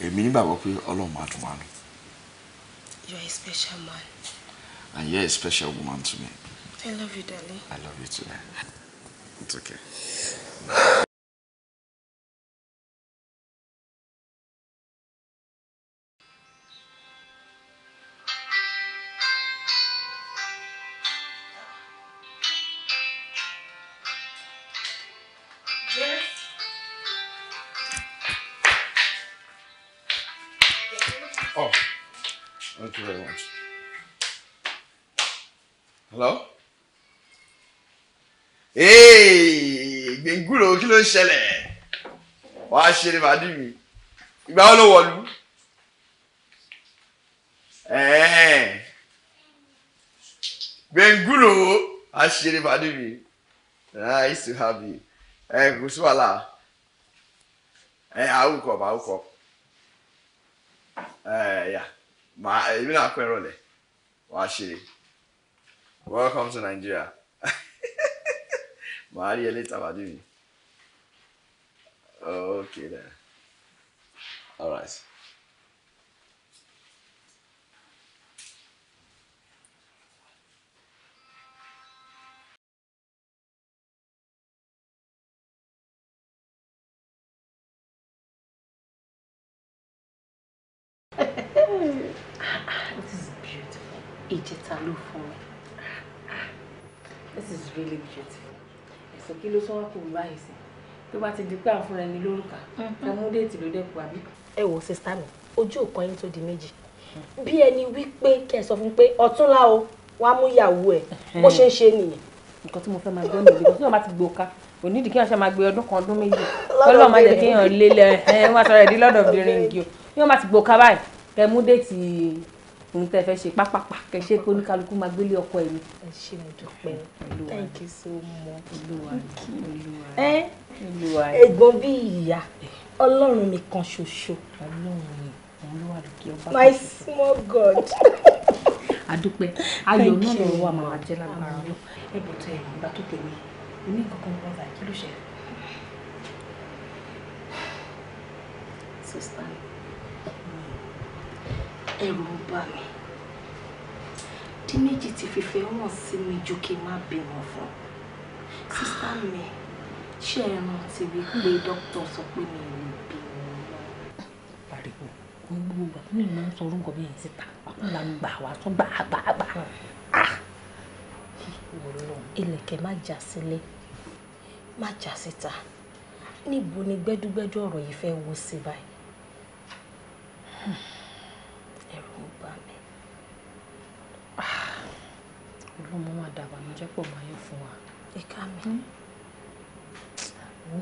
èmi nígbàgbọ́ pé ọlọ́run máa dùn wá nù. You are a special man. And you're a special woman to me. I love you, darling. I love you too. It's okay. hello ee gbẹ̀ngúrò kí ló ń ṣẹlẹ̀ wàá ṣeré màdí mi ìgbà wo ló wọ̀lú gbẹ̀ngúrò wàá ṣeré màdí mi ah, nice to have you kò sí wàhálà ẹ àwùkọ àwùkọ èmi náà kọ ẹ rọlẹ wàá Welcome to Nigeria. Maria later, Badumi. Okay then. All right. it is beautiful. Ìjẹta ló fún mi. this is really beautiful ẹ̀sìn kí ló sọ wá kó o bá ẹ̀sìn tó bá ti di pé àwọn fúnra ẹni lórúkà ẹ mhm. mú déètì ló dẹ́kun àbí. ẹ wo sista mi ojú ò kan yín tó di méjì bí ẹni wípé kẹ sọ fún pé ọ̀túnla o wàá mú ìyàwó ẹ bó ṣe ń ṣe nìyẹn. nǹkan tí mo fẹ́ máa gbé mi lè kọ́ tí wọ́n bá ti gbòòka onídìí kí wọn ṣe máa gbé ọdún kan ọdún méjì kọlọ máa jẹ kéèyàn lé lẹ ohun tẹ́ fẹ́ ṣe pápápá kẹ ṣe kó ní kálukú máa gbélé ọkọ ẹ̀ ni. ẹ ṣe mo dúpẹ́ thank you so much. ẹ ẹ̀gbọ́n bí ìyá ọlọ́run mi kan ṣoṣo. ọlọ́run mi òun ló wà ọba. my small god. àdúpẹ́ ayọ̀ náà lọ́wọ́ wa máa jẹ́ lágbára lọ ẹ̀bùn tẹ ìgbà tó tẹ̀lé ní kankan wọn là kí ló ṣẹlẹ̀. sísá ẹ̀rù ń bà mí díméjì ti fìfẹ́ hàn sí mi ju kí n má bímọ fún sísá mi ṣe é rántí wípé dókítà sọ pé mi ò bímọ pariwo gbogbo ìgbà tó ní ìmọ̀ ń sọ orúkọ bí yẹn síta wàhálà ń gbà wá tó gbà gbà gbà hmm. ah! má já sílé má já síta níbo ni gbẹ́dúgbẹ́dú ọ̀rọ̀ yìí fẹ́ wo sí báyìí. Hmm. ọmọ máa dàgbà mi jẹ́ pọ̀ máa yẹ fún wa. ẹ̀ka mi. Hmm? wo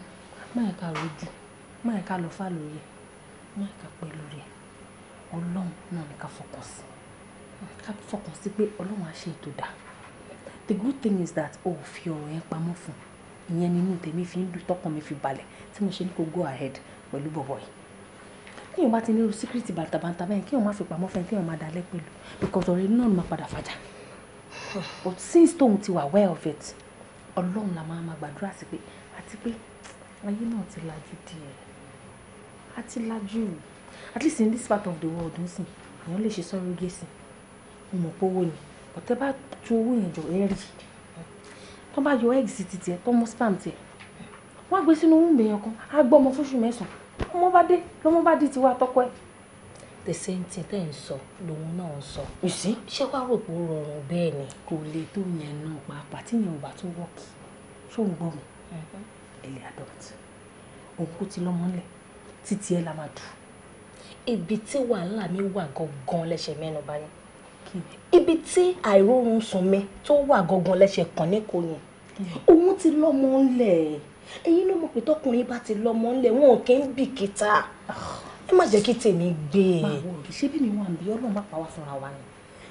má ẹ̀ka rojú má ẹ̀ka lọ fà lórí ẹ̀ má ẹ̀ka pẹ́ lórí ẹ̀ ọlọ́run náà ní ká fọkàn sí ká fọkàn sí pé ọlọ́run á ṣe ètò dà the good thing is that o ò fi ọ̀rọ̀ yẹn pamọ́ fún ìyẹn nínú tèmi fi ń dùn tọkàn mi fi balẹ̀ tí mo ṣe ní kó go ahead pẹ̀lú bọ̀bọ̀ yìí kéèyàn bá ti nírú síkírìtì bàtàbàtà bẹ́ẹ̀ kéèyàn má fi pamọ́ fẹ́ kéèyàn má dalẹ́ pẹ̀lú because ọ̀rẹ́ náà ló máa padà fàjà but since tóun ti wà aware of it ọlọ́run la máa ma gbàdúrà sí pé àti pé ayé náà ti lajú díẹ̀ a ti lajú at least in this part of the world nsìn èèyàn lè ṣe surrogacy mo mọ̀ pé owó ni ọ̀tẹ́ bá tu owó yẹn jọ ẹ́ rí tó bá yọ exit tiẹ̀ tó mú spam tiẹ̀ wọ́n á gbé sínú wúńbẹ̀yàn kan á gbọ́ ọmọ fóṣù mẹ́sàn-án ọmọ bá dé lọ́mọ bá di tiwa tọ́kọ ẹ̀ the same thing tẹ́ ń sọ lòun náà ń sọ. you see. ṣé wàá rò pé ó rọrùn bẹ́ẹ̀ ni. kò lè tó yẹn náà pàápàá tí yẹn ò bá tún wọ́ọ̀kì ṣó ń gbọ́ mi. ilé mm-hmm. adult òun kò ti lọ́mọ ńlẹ̀ títí ẹ̀ la máa dù. ibi tí wàhálà mi wà gangan lẹ́sẹ̀ mẹ́nu bá yẹn. ibi tí àìrórun sùn mi tó wà gangan lẹ́sẹ̀ kàn ní kò yẹn. òun ti lọ́mọ ńlẹ̀ ẹ̀yin ló mọ̀ pé tọkùnrin bá ti lọ́mọ ńlẹ̀ wọn ò kí ń bìkítà. Ah ẹ má jẹ́ kí tèmi gbé e. máa wọ ṣé bí mi wà ń bí ọlọ́run bá pa wá fúnra wa ni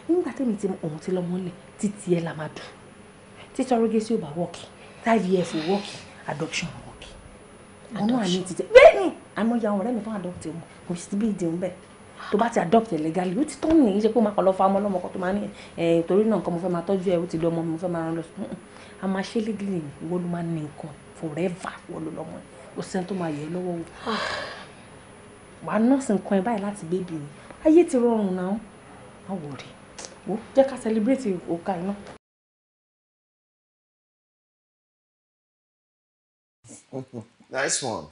nígbà tèmi ti òun ti lọ́mọ lẹ̀ títí ẹ la máa dùn títí ọrọ́gẹ́ sí ò wọ́ọ̀kì five years ò wọ́ọ̀kì adoption wọ́ọ̀kì. ọ̀nà àní títí bẹ́ẹ̀ ni àmọ́ ìyá ọ̀rẹ́ mi fún adopt òun kò sí bí ìdí òun bẹ́ẹ̀ tó bá ti adopt legally ó ti tọ́ ní ìṣe kó máa kọ́ lọ fa ọmọ ọlọ́mọ kan tó máa ní ẹ̀ torí a máa ṣe legally ìwọ ló forever wọ́n ló lọ́mọ ẹ̀ ó wà nọ́ọ̀sì nǹkan ẹ báyìí láti bébì ni ayé ti rọrùn náà má wò rí wò jẹ́ ká celebrate òkà iná. nice one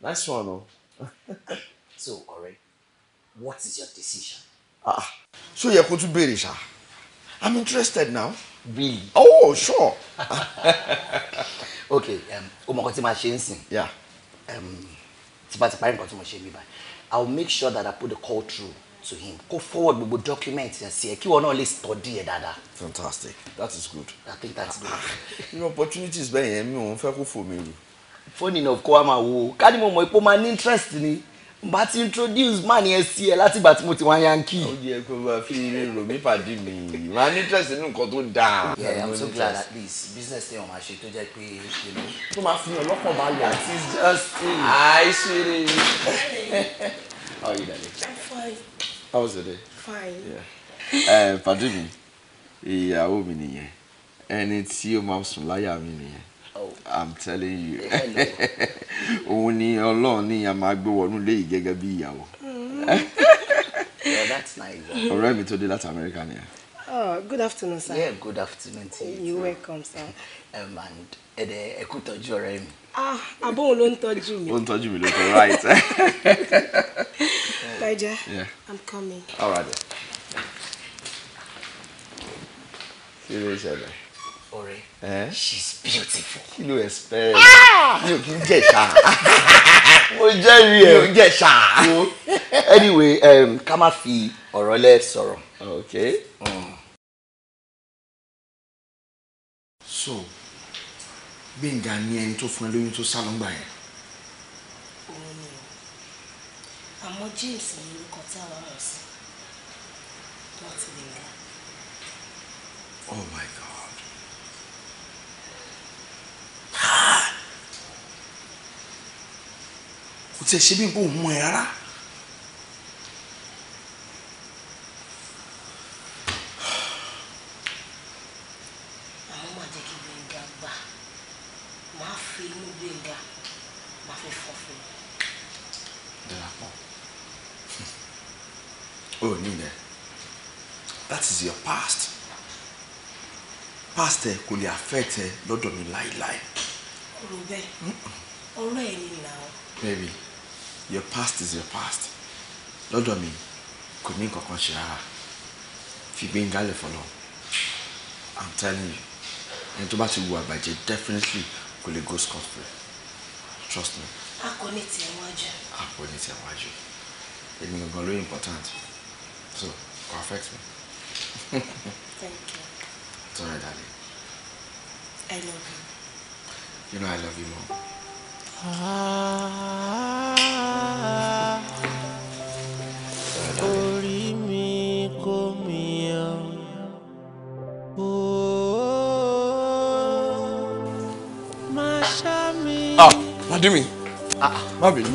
nice one o. Oh. so ọ̀rẹ́ what is your decision. ah ṣó yẹ kó tún béèrè ṣá i'm interested now. really. oh sure. okay ọmọ um, tí màá ṣe ń sìn. yeah. Um, tí bá ti parí nǹkan tí mo ṣe mi báyìí i will make sure that i put the call through to him kó forward gbogbo document yẹn sí ẹ kí wọn náà lè study ẹ dáadáa. fantastic that is good. i think that's good. irú opportunities bẹ́ẹ̀ yẹn mi ò ń fẹ́ kó fò mí rù. fóònù náà kó wa máa wo ká ní ipò máa ní interest ni bá ti introduce man yẹn sí ẹ láti ìgbà tí mo ti wá yankee. ó di ẹgbẹ́ wa fi rí rò mí pàdé mi máa ní interest nínú nǹkan tó dáa. yeah i'm so glad at least business tí wọn máa ṣe tó jẹ pé èlò. tó máa fi ọlọ́kàn bá yà. that is just it. àìṣeré. how are you darling. fine. how was your day. fine. Eh, pàdé mi ìyàwó mi nìyẹn ẹni tí ó máa sùn láyà mi nìyẹn. I'm telling you òun ni ọlọ́run ní ìyá máa gbé wọnú lé yìí gẹ́gẹ́ bí ìyàwó. Mm. that's nice. ọ̀rẹ́ mi tó dé láti America ni. Oh, good afternoon, sir. Yeah, good afternoon to you. You're welcome, sir. Um, and Ede, eh, ẹ kú tọ́jú ọ̀rẹ́ mi. Ah, àbọ̀ òun ló ń tọ́jú mi. Ó ń tọ́jú mi lóko, right. Taija, yeah. I'm coming. All right. Kí ló ṣẹlẹ̀? ọ̀rẹ́ she's beautiful. kí ló expect ah! mi ò kí ń jẹ̀ṣà mo jẹ́rìí ẹ̀ mi ò ń jẹ̀ṣà. anyway um, ká má fi ọ̀rọ̀ lẹ́ sọ̀rọ̀. okay. Mm. so gbẹ̀ngà ni ẹni tó fún ẹ lóyún tó sá lọ́gbà yẹn. àmọ́ james ni orúkọ tí àwọn mọ̀ sí láti gbẹ̀ngà. oh my god. tiẹ̀ ṣe bí n kò ẹ rárá. àwọn máa oh, that is your past past ẹ kò lè affect ẹ lọ́dọ̀ mi láéláé. kò rò bẹ́ẹ̀ ọ̀rọ̀ ẹ̀ ni nà ó your past is your past lọ́dọ̀ mi kò ní nǹkan kan ṣe rárá fi gbẹ̀ngà lẹ̀ fọlọ́ i'm telling you ẹni tó bá ti wù àgbàjẹ definitely kò lè go scot free trust me. a kò ní tiẹ̀ wájú. a kò ní tiẹ̀ wájú èmi gangan ló important so kò affect me. thank you. it's alright darling. i love you. you know i love you more. Adimi. Ah, oh, ah, ah, má bínú.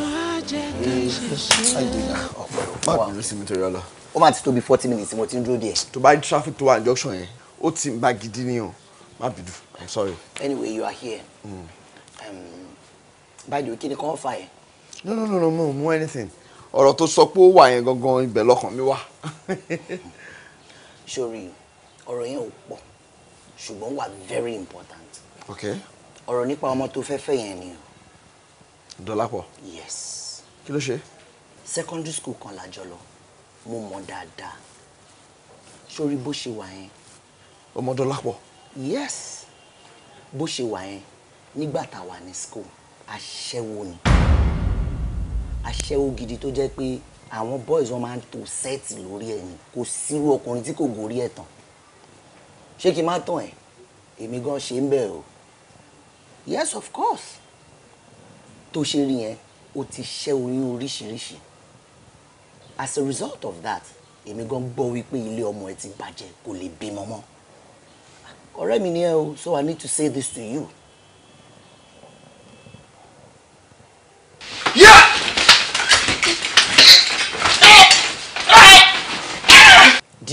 Oh, má bínú sí mi torí ọlọ. Ó máa ti tó bí forty minutes mo ti ń dúró díẹ̀. Tó bá ní traffic tó wà ní junction yẹn, ó ti ń bá gidi ní o. Má bínú, I'm eh, sorry. Anyway, you are here. Mm. Um, báyìí kí ni kò fà yẹn. no no no no mo mú anything ọ̀rọ̀ tó sọ pé ó wà yẹn gangan ibẹ̀ lọ́kàn mi wá. sori ọ̀rọ̀ yẹn ò pọ̀ ṣùgbọ́n wà very important. okay. ọ̀rọ̀ nípa ọmọ tó fẹ́ fẹ́ yẹn ni o. dọ́lápọ̀. yes. kí ló ṣe. secondary school kan lájọ lọ mo mọ̀ dáadáa sori bó ṣe wà yẹn. ọmọ dọ́lápọ̀. yes bó ṣe wà yẹn nígbà tá a wà ní school aṣẹ́wó ni aṣẹ́wó gidi tó jẹ́ pé àwọn boys wọn máa ń tò sẹ́ẹ̀tì lórí ẹ̀ ni kò sírú ọkùnrin tí kò gorí ẹ̀ tán ṣé kí n má tàn ẹ́ èmi gan ṣe ń bẹ̀ o yes of course tó ṣe rí yẹn o ti ṣẹ́ oyún oríṣiríṣi as a result of that èmi gan gbọ́ wípé ilé ọmọ ẹ ti bàjẹ́ kò lè bímọ mọ́ ọ̀rẹ́ mi ni ẹ o so I need to say this to you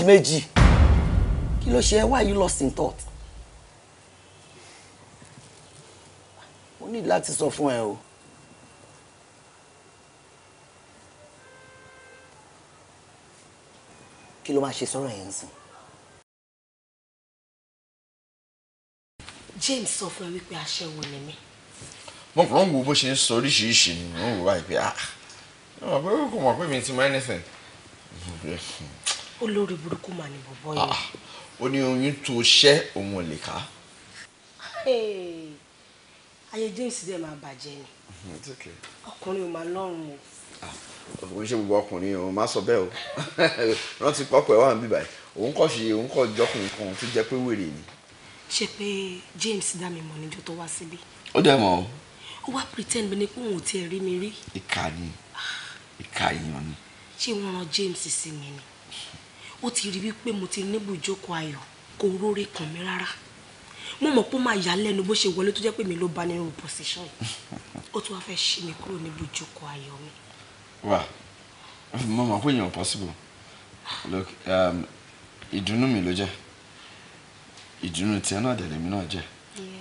méjì kí ló ṣe ẹ why you lost in thought mo ní láti sọ fún ẹ o. kí ló máa ṣe sọ́rọ̀ yẹn sìn. James sọ fún ẹ wípé aṣẹ́wó ni mí. mo kàn ń wo bó ṣe ń sọ oríṣiríṣi ni mo ń wò wá ìpè ah kò mọ̀ pé mi ti mọ anything olórí burúkú mà ní bọ̀bọ̀ yẹn. Ah, ó ní oyún tó ṣẹ́ òun ò lè ká. ayé james dẹ̀ máa bàjẹ́ ni mm-hmm, ọkùnrin ò máa lọ́rùn o. Ah, òun ṣe gbogbo ọkùnrin òun máa sọ bẹ́ẹ̀ o rántí pọ́pọ̀ ẹ̀ wà níbí báyìí òun kò ṣe òun kò jọkùnrin kan tó jẹ́ pé wèrè ni. ṣe pé james dá mi mọ̀ níjọ́ tó wá síbí. ó dẹ̀ mọ̀ o. ó wá pretend bí ni pé òun ò tiẹ̀ rí mi rí. ìkà ni ah. ìkà èèyàn ni. ṣé wọ́n rán james sí mi ni. ó ti rí wípé mo ti níbù ìjókòó ayọ̀ kò róore kàn mí rárá mo mọ̀ pé ó máa yà lẹ́nu bó ṣe wọlé tó jẹ́ pé mi ló bá nínú pòsíṣàn yìí ó tún wá fẹ́ ṣí mi kúrò níbù ìjókòó ayọ̀ mi. wà mo mọ̀ pé èèyàn possible look um, ìdùnnú mi ló jẹ́ ìdùnnú tiẹ̀ náà dẹ̀ lèmi náà jẹ́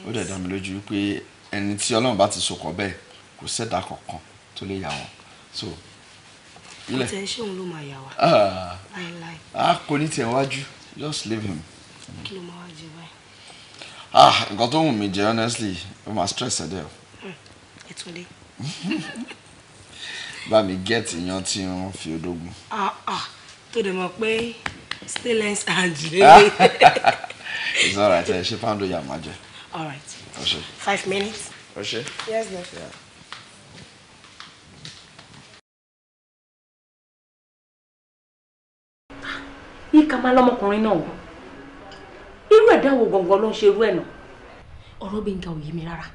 ó dẹ̀ dá mi lójú pé ẹni tí ọlọ́run bá ti sokọ̀ bẹ́ẹ̀ kò sẹ́dá kankan tó lè yà wọ́n so ilẹ̀. ìtẹ̀ ṣé òun ló máa yà wá. Ah. láéláé. a kò ní tiẹ̀ wájú just leave him. kí ló máa wá ah nǹkan tó wù mí jẹ honestly ó máa stress ẹ dẹ o. Hmm. ẹ tún lé. bá mi get iyan tí n fi odógun. Ah, ah. tó dẹ̀ mọ̀ pé stainless and jelly. it's alright ẹ ṣe pound yam ma jẹ. alright five minutes. ọṣẹ. yes ma'am. Yeah. yí ká má lọ́mọkùnrin náà wò irú ẹ̀dá wo gbọ̀ngàn ló ń ṣe irú ẹ̀ nà. ọ̀rọ̀ Gbénga ò yé mi rárá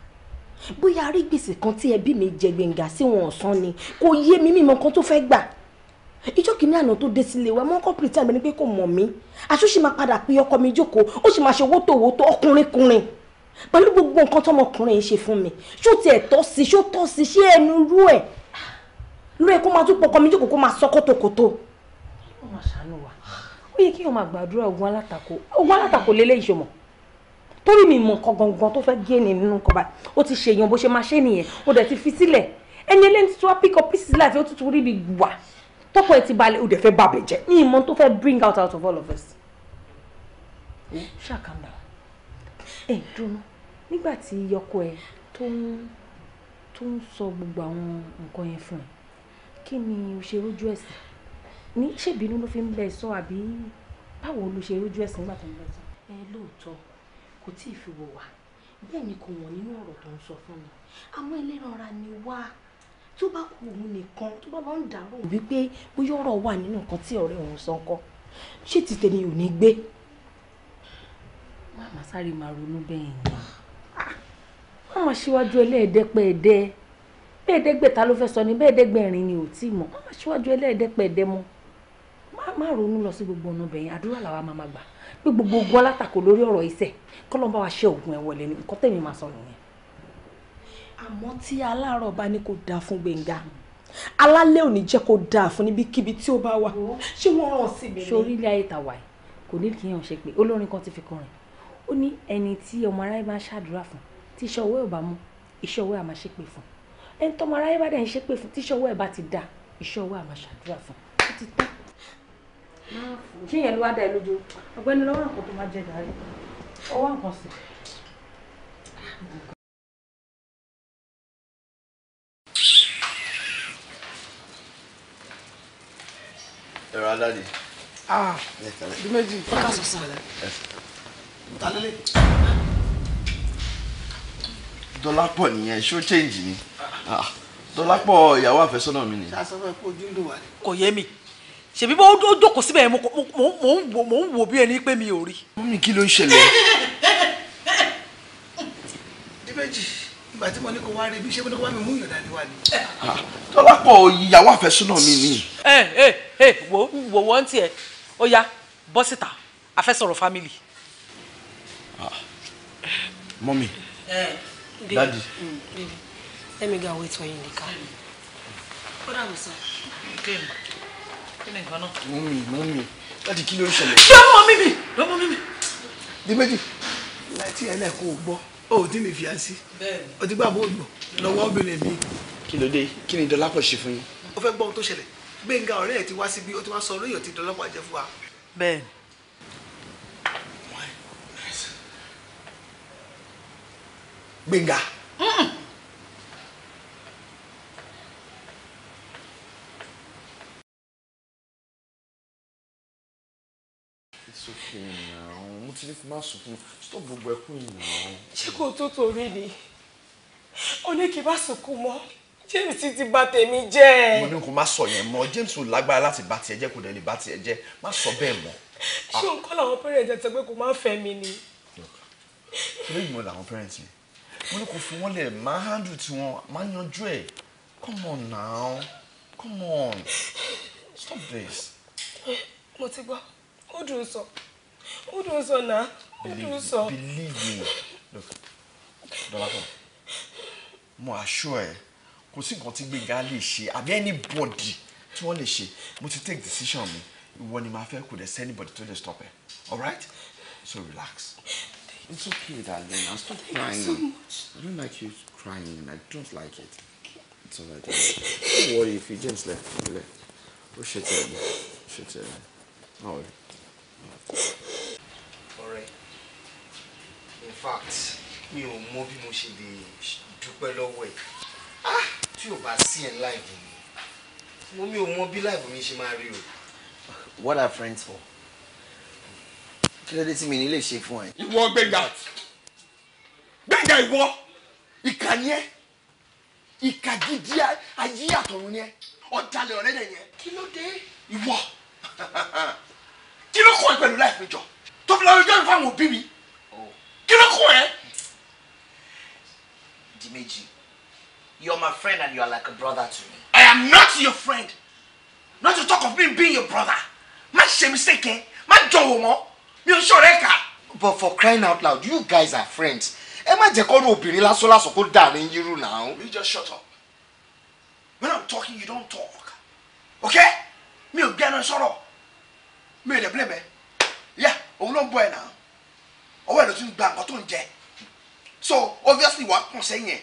bóyá rí gbèsè kan tí ẹbí mi jẹ Gbénga sí wọn ọ̀sán ni kò yé mi mímọ kan tó fẹ́ gbà ìjọ kìíní àná tó dé sílé wa mọ ọkọ pìrìtì àgbẹni pé kò mọ̀ mí àṣùṣe máa padà pé ọkọ mi jókòó ó sì máa ṣe owó tó owó tó ọkùnrin kùnrin pẹ̀lú gbogbo nǹkan tọmọkùnrin yìí ṣe fún mi ṣó tiẹ̀ tọ́ sí ṣó tọ́ sí ṣé ẹnu rú ẹ̀ lórí kó máa tún pọkọ mi jókòó kó máa sọ kótókótó. ó mà ṣàánú ó yẹ kí wọn máa gbàdúrà ogun alátakò ogun alátakò lélẹ́ ìṣòmọ̀ torí mi mọ̀ nǹkan gangan tó fẹ́ gé ni nínú kọba ó ti ṣèyàn bó ṣe máa ṣe nìyẹn ó dẹ̀ ti fi sílẹ̀ ẹni ẹlẹ́ni tí wọ́n pick up pieces láti ó tuntun ríbi wà tọkọ ẹ ti balẹ̀ ó dẹ̀ fẹ́ bàbẹ̀ jẹ́ ní ìmọ̀ tó fẹ́ bring out out of all of us. ṣàkàndà ẹ dúró nígbà tí ọkọ ẹ tó ń tó ń sọ gbogbo àwọn nǹkan yẹn fún ẹ kí ni o ṣe rójú ẹ̀sìn ní ṣèbínú ló fi ń bẹ sọ àbí báwo ló ṣe rójú ẹ̀sìn nígbà tó ń bẹ sọ. ẹ lóòótọ́ kò tí ì fi wò wá bẹ́ẹ̀ ni kò wọ̀n nínú ọ̀rọ̀ tó ń sọ fún mi àmọ́ ẹlẹ́ranra ni wá tó bá kú òun nìkan tó bá lọ ń dàrú òun. wípé bóyá ọ̀rọ̀ wà nínú nǹkan tí ọ̀rẹ́ òun sọ kọ́ ṣé ti tèmi ò gbé. má máa sáré máa ronú bẹ́ẹ̀ yẹn. má máa ṣíwájú ẹlẹ́ẹ̀dẹ́pẹ̀ẹ́dẹ́ bẹ́ẹ̀ẹ́dẹ́gbẹ̀ta ló fẹ́ sọ ni bẹ́ẹ̀ẹ́dẹ́gbẹ̀rin ni ò tí mọ̀ má máa ṣíwájú ẹlẹ́ẹ̀dẹ́pẹ̀ẹ́dẹ́ mọ́ má ronú lọ sí gbogbo ọ̀nà bẹ̀yìn àdúrà làwa máa ma gbà pé gbogbo ogun alátakò lórí ọ̀rọ̀ iṣẹ́ kọ́lọ́n wa ṣe oògùn ẹ̀ wọlé ni nǹkan tẹ̀mí máa sọ nìyẹn. àmọ́ tí aláàárọ̀ bá ní kó dáa fún Gbénga alálẹ́ ò ní jẹ́ kó dáa fún níbikíbi tí ó bá wà ṣé wọ́n rán sí mi ni. sórí ilé ayé ta wà kò ní kí n ṣe pé olórin kan ti fi kọrin ó ní ẹni tí ọmọ aráyé máa ṣàdúrà fún tí iṣẹ́ ọwọ́ ẹ̀ bá ṣé yẹn ló wá dá ẹ lójú ọ̀gbẹ́ni lọ́wọ́ nǹkan tó máa jẹ gàrí ọwọ́ nǹkan sí. ẹ̀rọ adáde. ah bí méjì fọkà sọ sàlẹ̀. talẹ́lẹ̀. dọ́là pọ̀ nìyẹn ṣó change ni ah, dọ́là pọ̀ ìyàwó àfẹ́sọ́nà mi ni. ṣé a sọ fún ẹ kó ojú ń dùn wá kò yé mi ṣèbí bó ó jókòó síbẹ̀ mo ń wò bí ẹni pé mi ò rí. mọ́mí kí ló ń ṣẹlẹ̀. díbẹ́jì ìgbà tí mo ní kó wá rí ibi ṣé mo ní kó wá mi mú ìyọ̀dá ni wá ni. Ah, tọ́lápọ̀ ìyàwó àfẹ́sọ́nà mi ni. ẹ ẹ ẹ wò wò wọ́n tiẹ̀ ó yá bọ́ síta a fẹ́ sọ̀rọ̀ fámìlì. mọ́mí dadi. let me go wait for you in the car. kódà mo sọ kí ni nǹkan náà. mú mi mú mi láti kí ló ń ṣẹlẹ̀. ṣé ọmọ mi mi ọmọ mi mi. di méjì láti ẹ̀ lẹ́kọ̀ọ́ ò gbọ́ ó ti mi fìyà sí ọtí gbàgbọ́ ò gbọ́ lọ́wọ́ obìnrin mi. kí ló dé kí ni dọlápọ̀ ṣe fún yín. ó fẹ́ gbọ́ ohun tó ṣẹlẹ̀ gbẹ̀ngà ọ̀rẹ́ ẹ̀ ti wá síbi ó ti wá sọ orí ìyọ̀tí dọlápọ̀ àjẹ́ fún wa. bẹ́ẹ̀ gbẹ̀ngà. sókè náà mo ti ní kó má sunkún stop gbogbo ẹkún yìí náà. ṣé kò tó torí ni ó ní kí n má sunkún mọ́ james ti bà tèmi jẹ́. mo ní kó má sọ yẹn mọ́ james ò lágbára láti bà tiẹ̀ jẹ́ kò dẹ̀ lè bà tiẹ̀ jẹ́ má sọ bẹ́ẹ̀ mọ́. Ah. ṣé òun kọ́ làwọn parents ẹ̀ tẹ́ pé kò má fẹ́ mi ni. ṣé ìmọ̀ làwọn parents yẹn mo ní kó fi wọ́n lẹ̀ máa handle tiwọn máa yanjú ẹ̀ come on now come on stop this. mo ti gbọ́. Who do so? Who Believe me. Look, Dolapo, mo assure ẹ, kò sí nǹkan tí Gbénga lè ṣe àbí anybody tí wọ́n lè ṣe. Mo ti take decision mi. Ìwọ ni màá fẹ́ kò dẹ̀ sẹ́ anybody tó lè stop ẹ. Alright? So relax. It's okay, darling. I'm still crying. So much. I don't like you crying. I don't like it. It's all right. Don't worry if you just left. Left. Oh, shit. Shit. No worry. Alright. in fact mi ò mọ bí mo ṣe lè dúpẹ́ lọ́wọ́ ẹ̀ ah! tí ò bá sí ẹ̀ láìpẹ́ mi mo mi ò mọ bí láìpẹ́ mi ṣe máa rí o. what are friends for? kí ló dé tí mi ní lè ṣe fún ẹ. ìwọ gbẹ̀ngà gbẹ̀ngà ìwọ ìkà ni ẹ ìkà gidi ayé àtọ̀run ni ẹ ọ̀dàlẹ̀ ọ̀rẹ́dẹ̀ ni ẹ kí ló dé kí ló kọ́ ẹ pẹ̀lú láì péjọ tó fi láwùjọ ìfọ̀ àwọn òbí mi kí ló kọ́ ẹ. Dimeji, you are my friend and you are like a brother to me. I am not your friend. Not to talk of me being your brother. Má ṣe mistake ẹ, má jọ̀wọ́ mọ́, mi ò ṣọ̀rẹ́ kà. But for crying out loud, you guys are friends. Ẹ má jẹ́ kọ́nu obìnrin lásán lásán kó dà ní yírù náà. You just shut up. When I'm talking, you don't talk. Okay? Mi ò gbẹ́nu sọ̀rọ̀ mi ìdẹ̀ bílẹ̀ mẹ́ yá òun ló ń bọ ẹ̀ náà ọwọ́ ẹ̀ ló ti ń gba nǹkan tó ń jẹ so obviously wàá kàn sẹ́yìn ẹ̀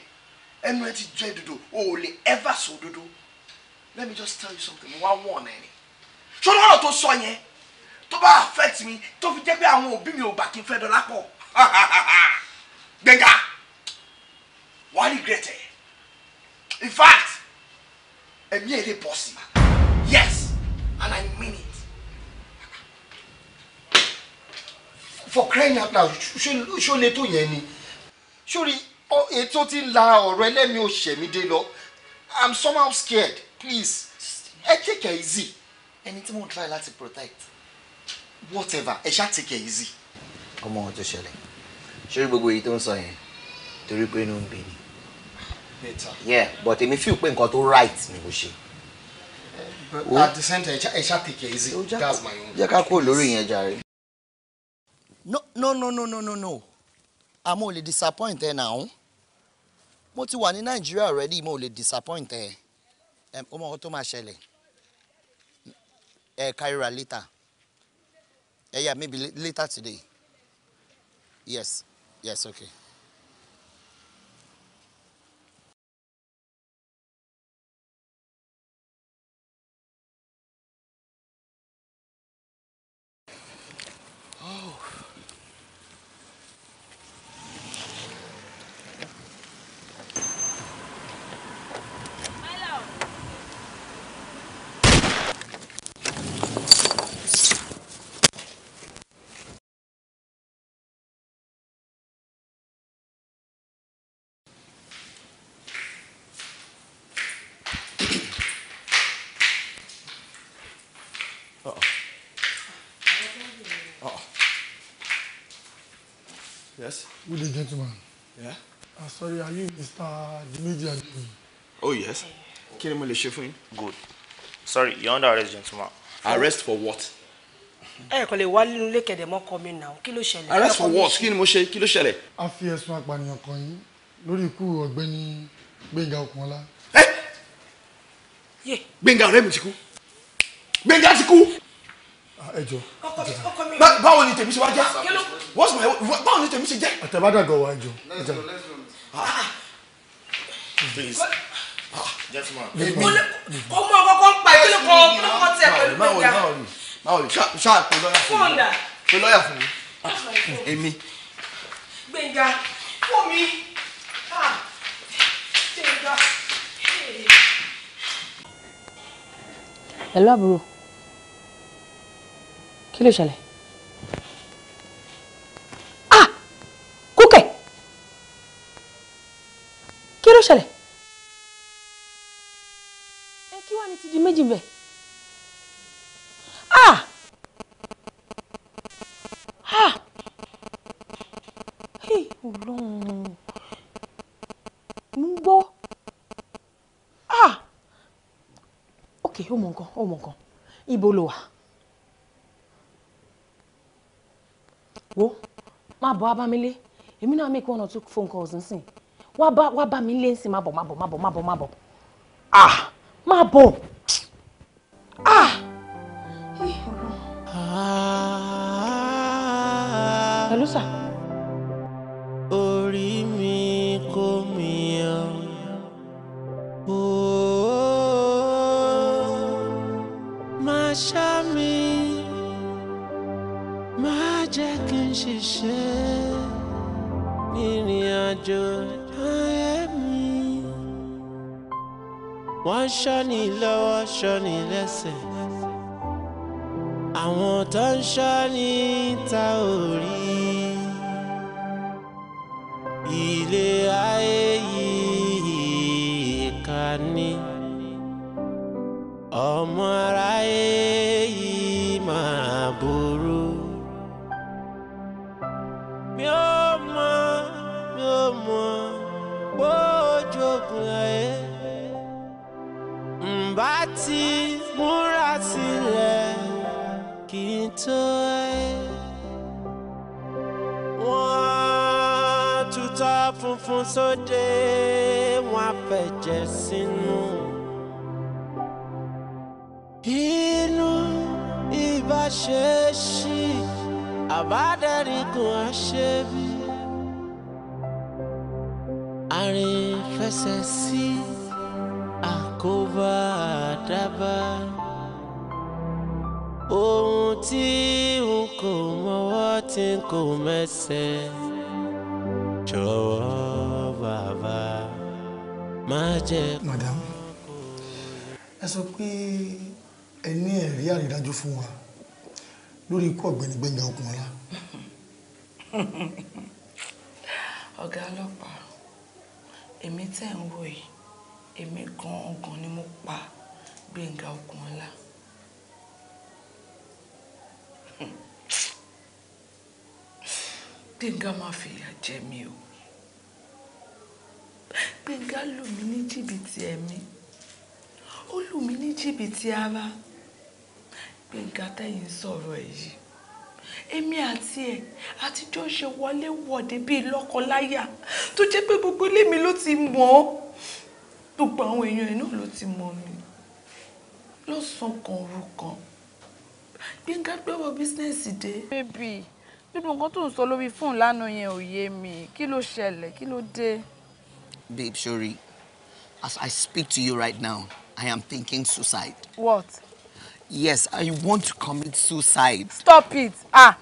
ẹnu ẹ ti jẹ́ ìdodo o ò lè ever sọ òdodo let me just tell you something wá wọ̀n ẹ̀ ni ṣọlá ọ̀rọ̀ tó sọ yẹn tó bá affect mi tó fi jẹ́ pé àwọn òbí mi ò bá kí n fẹ́ dọ́là pọ̀ gbẹ̀ngà wàá regret ẹ̀ in fact ẹ̀mí ẹ̀ lè bọ̀ sí yes and I mean it. for crying out loud ṣó lè tó yẹn ni sórí ètò ti la ọ̀rọ̀ ẹlẹ́mi òṣèmídé lọ i'm somehow scared please ẹ take it easy ẹni tí mo try láti protect whatever ẹ ṣá take it easy. ọmọ ohun tó ṣẹlẹ̀ sórí gbogbo èyí tó ń sọ yẹn torí pé inú ń bí ni yeah but èmi feel pé nǹkan tó right ni mo ṣe. at the center ẹ ṣá take it easy that's my own. jẹ́ ká kúrò lórí ìyẹn jàre no no no no no no no àmọ́ ò lè disappoint ẹ nàá mo ti wà ní nàìjíríà already mo ò lè disappoint ẹ ó mọ ohun tó máa ṣẹlẹ̀ ẹ káríra later ẹ yà maybe later today yes yes okay. with the gentleman. Yeah. I'm uh, sorry, are you Mr. Dimeji Oh, yes. Kí ni mo lè Good. Sorry, you're under arrest, gentleman. Arrest for what? Eh, kò lè wá nínú ilé kẹ̀dẹ̀ mọ́kọ mi náà kí ló ṣẹlẹ̀. arrest for what kí ni mo ṣe kí ló ṣẹlẹ̀. a fi ẹ̀sùn apànìyàn kan yín lórí ikú ọ̀gbẹ́ni gbẹ̀ngà ọkùnlá. ẹ eh! gbẹ̀ngà ọ̀rẹ́ mi ti kú gbẹ̀ngà ti kú. Ah, báwo ni tèmi ṣe wá jẹ́ báwo ni tèmi ṣe jẹ́. àtẹ̀bádàgọ̀ wa jọ. ọmọ àkọ́kọ́ ń pa ìpínlẹ̀ kan ọmọ kan tiẹ̀ pẹ̀lú pẹ̀lú. báwo ni ṣáà pé lọ́yà fún mi pé lọ́yà fún mi ah, èmi. gbẹ̀ngà fún mi gbẹ̀ngà. ẹ lọ́bùrú kí ló ṣẹlẹ̀ ah kúkẹ́ kí ló ṣẹlẹ̀ ẹ kí wàá ní ti di méjì ah ah hey Ọlọ́run mo ah ok ó mọ nǹkan ó mọ nǹkan ibo wo máa bọ̀ wá bá mi lé èmi náà make one or two phone calls nsìn wá bá wá bá mi lé nsìn máa bọ̀ máa bọ̀ máa bọ̀ máa bọ̀ máa bọ̀ ah máa bọ̀. tọ́ funfun sóde wọ́n á fẹ̀jẹ̀ sínú. inú ìbáṣe ṣí àbádẹ́rìgùn àṣebí àrìn fẹsẹ̀ sí àkóbá àdábá ohun tí n kò mọwọ́ tí n kò mẹsẹ̀ madam ẹ sọ pé ẹ ní ẹ̀rí àrídájú fún wa lórí ikú ọ̀gbẹ́ni Gbẹ́ngà Òkunọlá. ọ̀gá ọlọ́pàá èmi tẹ́ ń wò yìí èmi gan-an gan ni mo pa Gbẹ́ngà Òkunọlá. gbẹ̀ngà máa fìyà jẹ mí o gbẹ̀ngà lù mí ní jìbìtì ẹ̀mí ó lù mí ní jìbìtì ara gbẹ̀ngà tẹ̀yìn sọ̀rọ̀ ẹ̀ yìí èmi àti ẹ̀ àtijọ́ ṣe wọlé wọ̀de bíi lọ́kọláya tó jẹ́ pé gbogbo ilé mi ló ti mọ̀ ọ́ gbogbo àwọn èèyàn ẹ̀ náà ló ti mọ̀ mi lọ́sàn kan òru kan gbẹ̀ngà gbẹ́wọ̀ dé nínú nǹkan tó ń sọ lórí fóònù lánàá yẹn ò yé mi kí ló ṣẹlẹ̀ kí ló dé. babe sorry as i speak to you right now i am thinking suicide. what. yes i want to commit suicide. stop it ah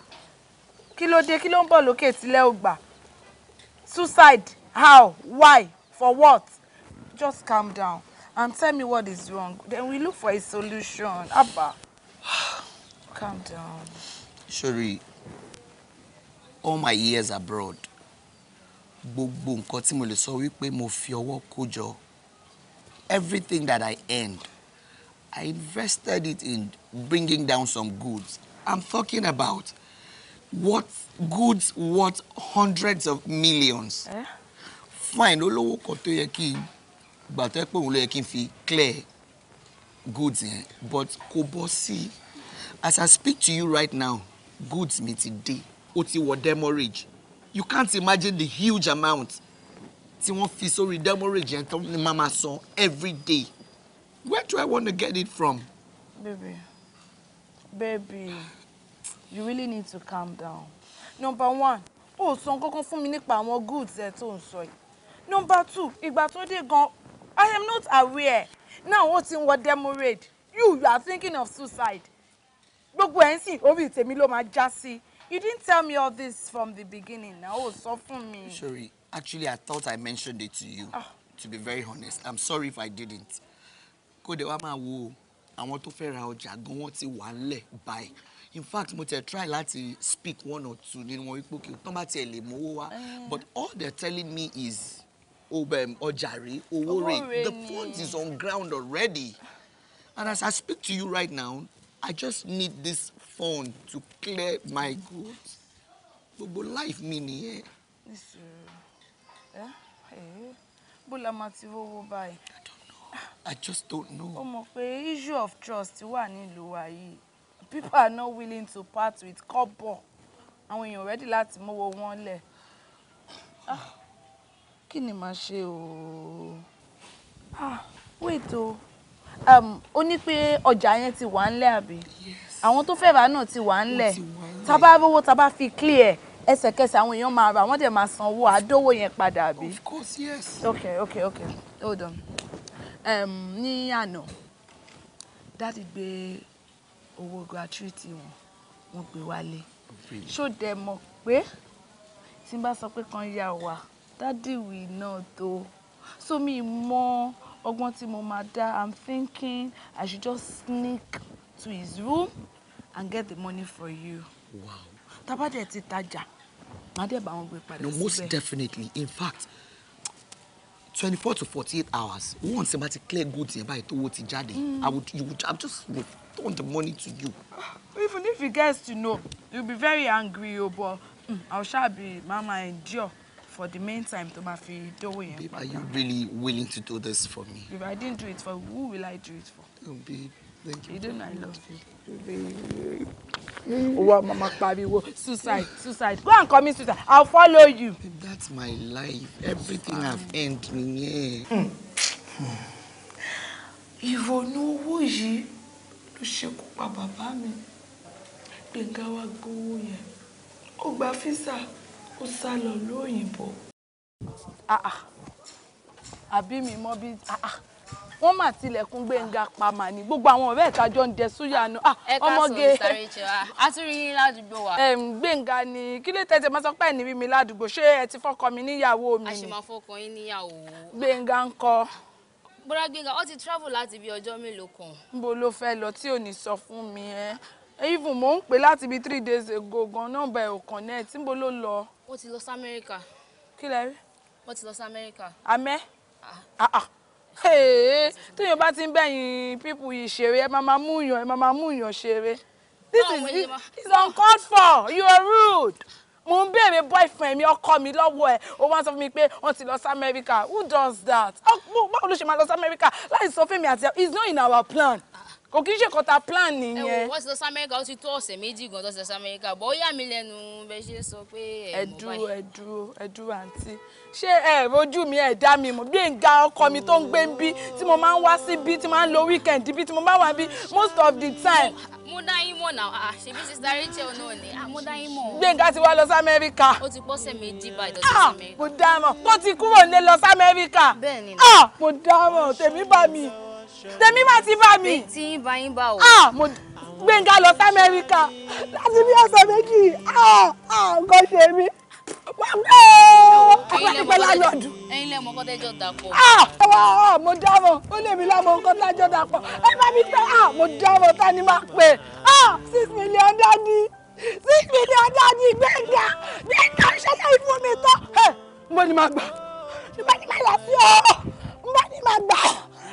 kí ló dé kí ló ń bọ̀ lókè tílẹ̀ ògbà suicide how why for what just calm down and tell me what is wrong then we look for a solution abba calm down. sorry all my years abroad gbogbo nǹkan tí mo lè sọ wípé mo fi ọwọ́ kó everything that I earned I invested it in bringing down some goods I'm talking about what goods worth hundreds of millions eh? fine olówó kan tó yẹ kí n gbà tó yẹ pé òun ló yẹ kí n fi clear goods yẹn but kò bọ́ sí as I speak to you right now goods mi ti dé ó ti wọ demorage you can't imagine the huge amount tí wọ́n fi sórí demorage yẹn tó ní mama san every day where do I want to get it from. baby baby you really need to calm down number one ó san kankan fún mi nípa àwọn goods ẹ tó ń sọ yìí number two ìgbà tó dé gan I am not aware now ó ti ń wọ demorage you you are thinking of suicide gbogbo ẹ̀ ń sìn orí tèmi ló máa já sí You didn't tell me all this from the beginning. Now, oh, sọ for me. Sorry, actually, I thought I mentioned it to you. Oh. To be very honest, I'm sorry if I didn't. Kò wama wo I want to fair ọjà gan wọ́n ti wà ńlẹ̀ báyìí. In fact, mo try láti speak one or two nínú wọn wípé kí tán bá tiẹ̀ lè eh. But all they're telling me is ọjà ojari owó rè. The fund is on ground already. And as I speak to you right now, I just need this fund to clear my goods gbogbo life mi nìyẹn. nísìrò ẹ ẹ bó la máa ti rówó báyìí. I don't know. I just don't know. ó mọ̀ pé issue of trust wà nílùú wa yìí people are not willing to part with kọ́bọ̀ àwọn èèyàn ready láti mówó wọn lẹ̀ ah, kí ni màá ṣe o ah, wait o um, ó ní pé ọjà yẹn ti wà ńlẹ̀ àbí. Yeah àwọn tó fẹ́ rà náà ti wà ńlẹ̀ tá a bá rówó tá a bá fi clear ẹsẹ̀kẹsẹ̀ àwọn èèyàn máa rà wọ́n dẹ̀ máa sanwó àdówó yẹn padà àbí. of course yes. okay okay okay hold on um, ní àná dáàdi gbé owó gratuity wọn wọn gbé wálé ṣó dẹ̀ mọ̀ pé tí n bá sọ pé kan yá wa dáàdi wì náà tó sómi mọ ọgbọ́n tí mo máa dá i'm thinking i should just sneak to his room and get the money for you. Wow. Tàbá dẹ̀ ti tajà, màá bá wọn gbé padà síbẹ̀. No, most definitely. In fact, twenty-four to forty-eight hours, once ẹ bá ti clear goods yẹn báyìí tówó ti jáde, mm. I would you would I'll just return the money to you. Ah, even if he gets to know, you'll be very angry o, oh, but mm, I'll ṣáà be mama endure for the meantime to ma fi dówó yẹn Babe, are you really willing to do this for me? If I didn't do it for you, who will I do it for? Oh, babe. Thank you. You know I love you. Owa mama pariwo suicide suicide go and commit suicide I'll follow you. That's my life everything I've earned nìyẹn. Ìrònú owó yìí ló ṣekú pa bàbá mi. Gbẹ̀ngà wa gbowó yẹn. Ó gba físà ó sá lọ lóyìnbó. Ah, ah. Àbí mi mọ́ bí. Ah, wọ́n mà tilẹ̀kùn Gbẹ́ngà pamà ní gbogbo àwọn ọ̀rẹ́ ìtajọ́ ń jẹ súyà nu ah, ọmọge ah, Gbẹ́ngà ni kí ló tẹ̀sẹ̀ máa sọ pé ẹ̀ní mi ládùúgbò ṣé ẹ ti fọ́kọ mi níyàwó mi ni Gbẹ́ngà ń kọ́. bọ́dá Gbẹ́ngà ó ti travel láti bí ọjọ́ mélòó kan. níbo ló fẹ́ lọ tí ò ní sọ fún mi ẹ́ even mo ń pè láti bí three days ago gan nọ́mbà ẹ̀ ò connect níbo ló lọ. ó ti lọ sí Amẹ́ríkà. kí lẹ rí. ó ti lọ sí Amẹ́ríkà. amẹ́. ah ah, ah téèyàn bá ti ń bẹ̀yìn pípù yìí ṣeré ẹ máa máa mú yàn ẹ máa máa mú yàn ṣeré this is It's uncalled for you are rude mo ń béèrè boyfriend mi ọkọ mi lọ́wọ́ ẹ̀ ó wá sọ fún mi pé wọ́n ti lọ sí America who does that báwo ló ṣe máa lọ sí America láì sọ fún mi àti ẹ̀ it's not in our plan kò kí n ṣe kọta plan nìyẹn. ẹ wò wọ́n ti lọ sí amẹ́ríkà ó ti tó ọ̀sẹ̀ méjì gan tó ti lọ sí amẹ́ríkà bọ́ ó yà mí lẹ́nu bẹ́ ṣe sọ pé ẹ mọ̀ báyìí. ẹ dúró àǹtí ṣé ẹ rojú mi ẹ dá mi mọ̀ bí nga ọkọ mi tó ń gbé ń bí tí mo máa ń wá sí bí tí mo máa ń lo weekend bí tí mo máa ń wá bí most of the time. mo dá yín mọ̀ náà ah, ṣebí sister Rachel náà ni ah, mo dá yín mọ̀. Gbénga ti wá lọ sí amẹ́ríkà. ó ti pọ́sẹ̀ méjì báyìí lọ sí ah, amẹ́ríkà. mo dá mọ̀ tó ti kúrò ní lọ sí amẹ́ríkà. bẹ́ẹ̀ ni. mo dá mọ̀ tèmi bá mi tèmi má ti bá mi. tí yín bá yín bá o. ah mo gbẹ̀ngà lọ sí amẹ́ríkà láti bí ọ̀sẹ̀ méjì ah ah nǹkan ṣe mí. ẹ̀yin lẹ mọ kọ́ tẹ́jọ́ dàpọ̀. ah ah mo dámọ̀ ó lè mi lámọ̀ nǹkan tẹ́jọ́ dàpọ̀ ẹ bá mi tẹ́ ah mo dámọ̀ tani máa pè ah six million dání six million dání gbẹ̀ngà gbẹ̀ngà ṣẹlẹ̀ ìfún mi tán. mo ní ma gbà mo ní ma yà sí ọ mo ní ma gbà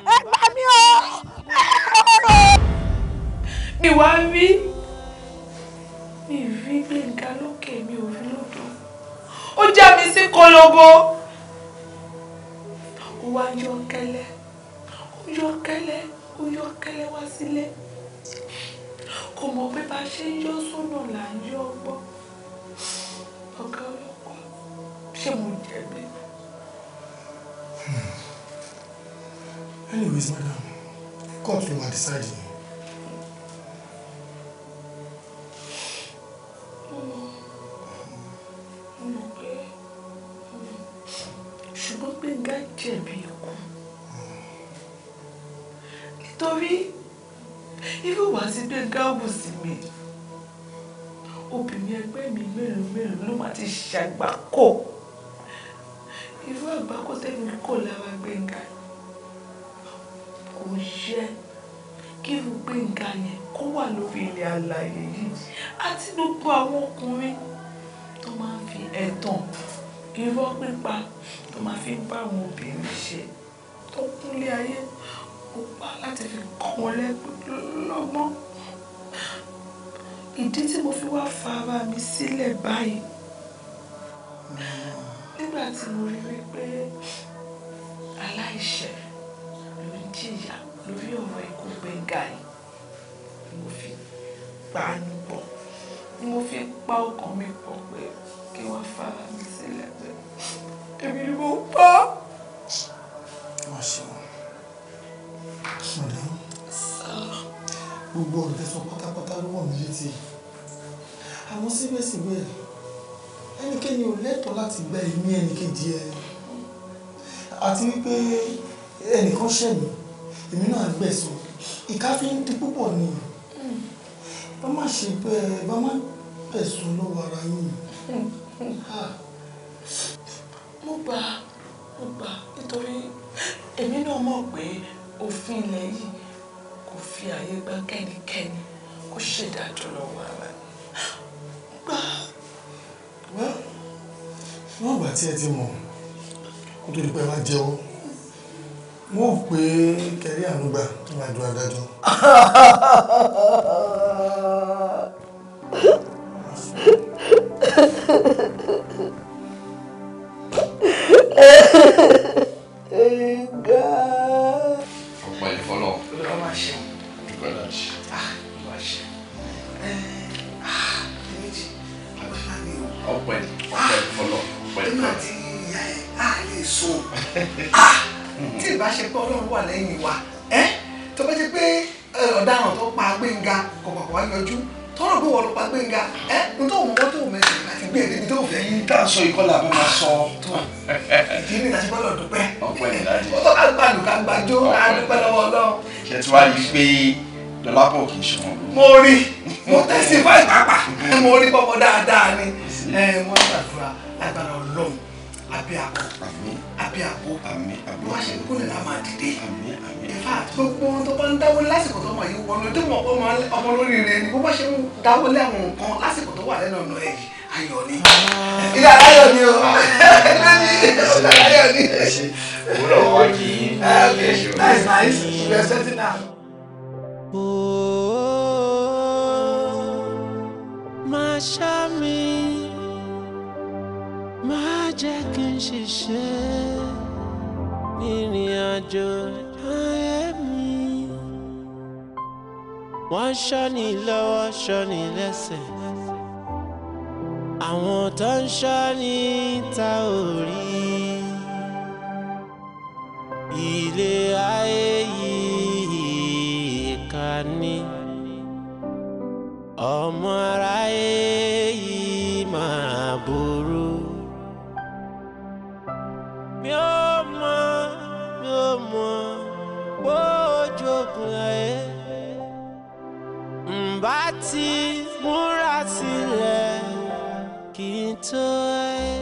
ẹ gbà mí o ẹ ọ̀rọ̀. mi wá rí mi rí gbẹ̀ngà lókè mi ò rí lódò ó já mi sí kolobo ó wá yọ kẹ́lẹ́ ó yọ kẹ́lẹ́ ó yọ kẹ́lẹ́ wá sílé kò mọ̀ pé bá ṣe ń yọ sọ́nà là ń yọ ọgbọ́n ọ̀gá ọlọ́pàá ṣé mo jẹ̀bi. Hmm anyways madam court ló máa decide yẹn. ṣùgbọ́n Gbénga jẹ̀bi ikú nítorí irú ìwà tí Gbénga wù sí mi obìnrin ẹgbẹ́ mi mélòó mélòó ló má ti ṣàgbákò irú àgbákò tẹ́mi kò lára Gbénga ni kò yẹ kí irú gbẹ̀ngà yẹn kó wà lórí ilẹ̀ alàyè yìí àti gbogbo àwọn ọkùnrin tó máa ń fi ẹ̀tàn irọ́ pípa tó máa fi ń bá àwọn obìnrin ṣe tó kúnlé ayé ó pa láti fi kọ́ wọn lọ́gbọ́n ìdí tí mo fi wá fa ara mi sílẹ̀ báyìí nígbà tí mo rí wípé aláìṣẹ̀ jìyà lórí ọ̀rọ̀ ikú gbẹ̀ngà yìí ni mo fi pa á nípọ̀ ni mo fi pa ọkàn mi pọ̀ pé kí wọ́n fara mi sílẹ̀ pé èmi ni mo pa á. wọ́n ṣeun ṣùgbọ́n gbogbo ọ̀rọ̀ tẹ̀sán pátápátá ló wọ̀ mí létí àwọn síbẹ̀síbẹ̀ ẹnikẹ́ni ò lẹ́tọ̀ọ́ láti gba ẹ̀mí ẹnìkejì ẹ àti wípé ẹnìkan ṣẹ̀mí èmi náà gbẹ̀sọ̀ ìka fi ń di púpọ̀ ni bá má ṣe bẹ́ẹ̀ bá má bẹ̀sùn lọ́wọ́ ara yín mo gbà mo gbà nítorí èmi náà mọ̀ pé òfin ilẹ̀ yìí kò fi àyè gba kẹ́nikẹ́ni kó ṣèdájọ́ lọ́wọ́ ara gbà. wọ́n gbà tí ẹ ti mọ̀ kó tó di pé jẹ́wọ́ wọ́n pè é kẹrí ànúgbà níwájú adájọ́. Eh wà lẹ́yìn wa ẹ́ tó bá jẹ́ pé ọ̀daràn tó pa Gbénga kọ̀kọ̀kọ̀ wá yọjú tọ́rọ̀ pé wọ́n ló pa Gbénga ẹ́ n tó mú tó mẹ́sìn láti gbé ẹ̀dẹ́ni tó fẹ́. èyí tá a sọ ìkọlà àbí máa sọ. ìdí ni láti gbọ́dọ̀ dúpẹ́. ọpẹ́ ní láti. ó tọ́ ká gbàdùn ká gbàjó á dúpẹ́ lọ́wọ́ Ọlọ́run. ṣé tí wàá rí i pé Dọlápọ̀ kì í ṣe wọn. mo rí mo tẹ́sí fáì pàápàá mo rí bọ́bọ́ dáadáa ni mo ṣàdúrà lágbára Ọlọ́run àbí àpò àbí àpò àmì àbí ṣe kúrò lámà gbogbo tó bá ń dáwọ́ lásìkò tó máa yí wọnú tó mọ̀ ọmọ olóríire ni bó ṣe ń dáwọ́ lé nǹkan lásìkò tó wà lẹ́nu ọ̀nà ẹ̀yìn ayọ̀ ni ilé ah. aláyọ̀ ni o ilé ah. aláyọ̀ ni. òwúrọ̀ wá kì í. Ah, nice nice we are setting up. máa ṣá mi máa jẹ́ kí n ṣiṣẹ́ ìrìn àjò ayé wọ́n ṣọ́ni lọ́wọ́ ṣọ́ni lẹ́sẹ̀ àwọn tó ń ṣọ́ni ta ò rí ilé ayé yìí ìkà ni ọmọ aráyé yìí máa burú mi ò mọ̀ mi ò mọ̀ bó ojú òkun ayé n bá ti múra sílẹ̀ kí n tó ẹ.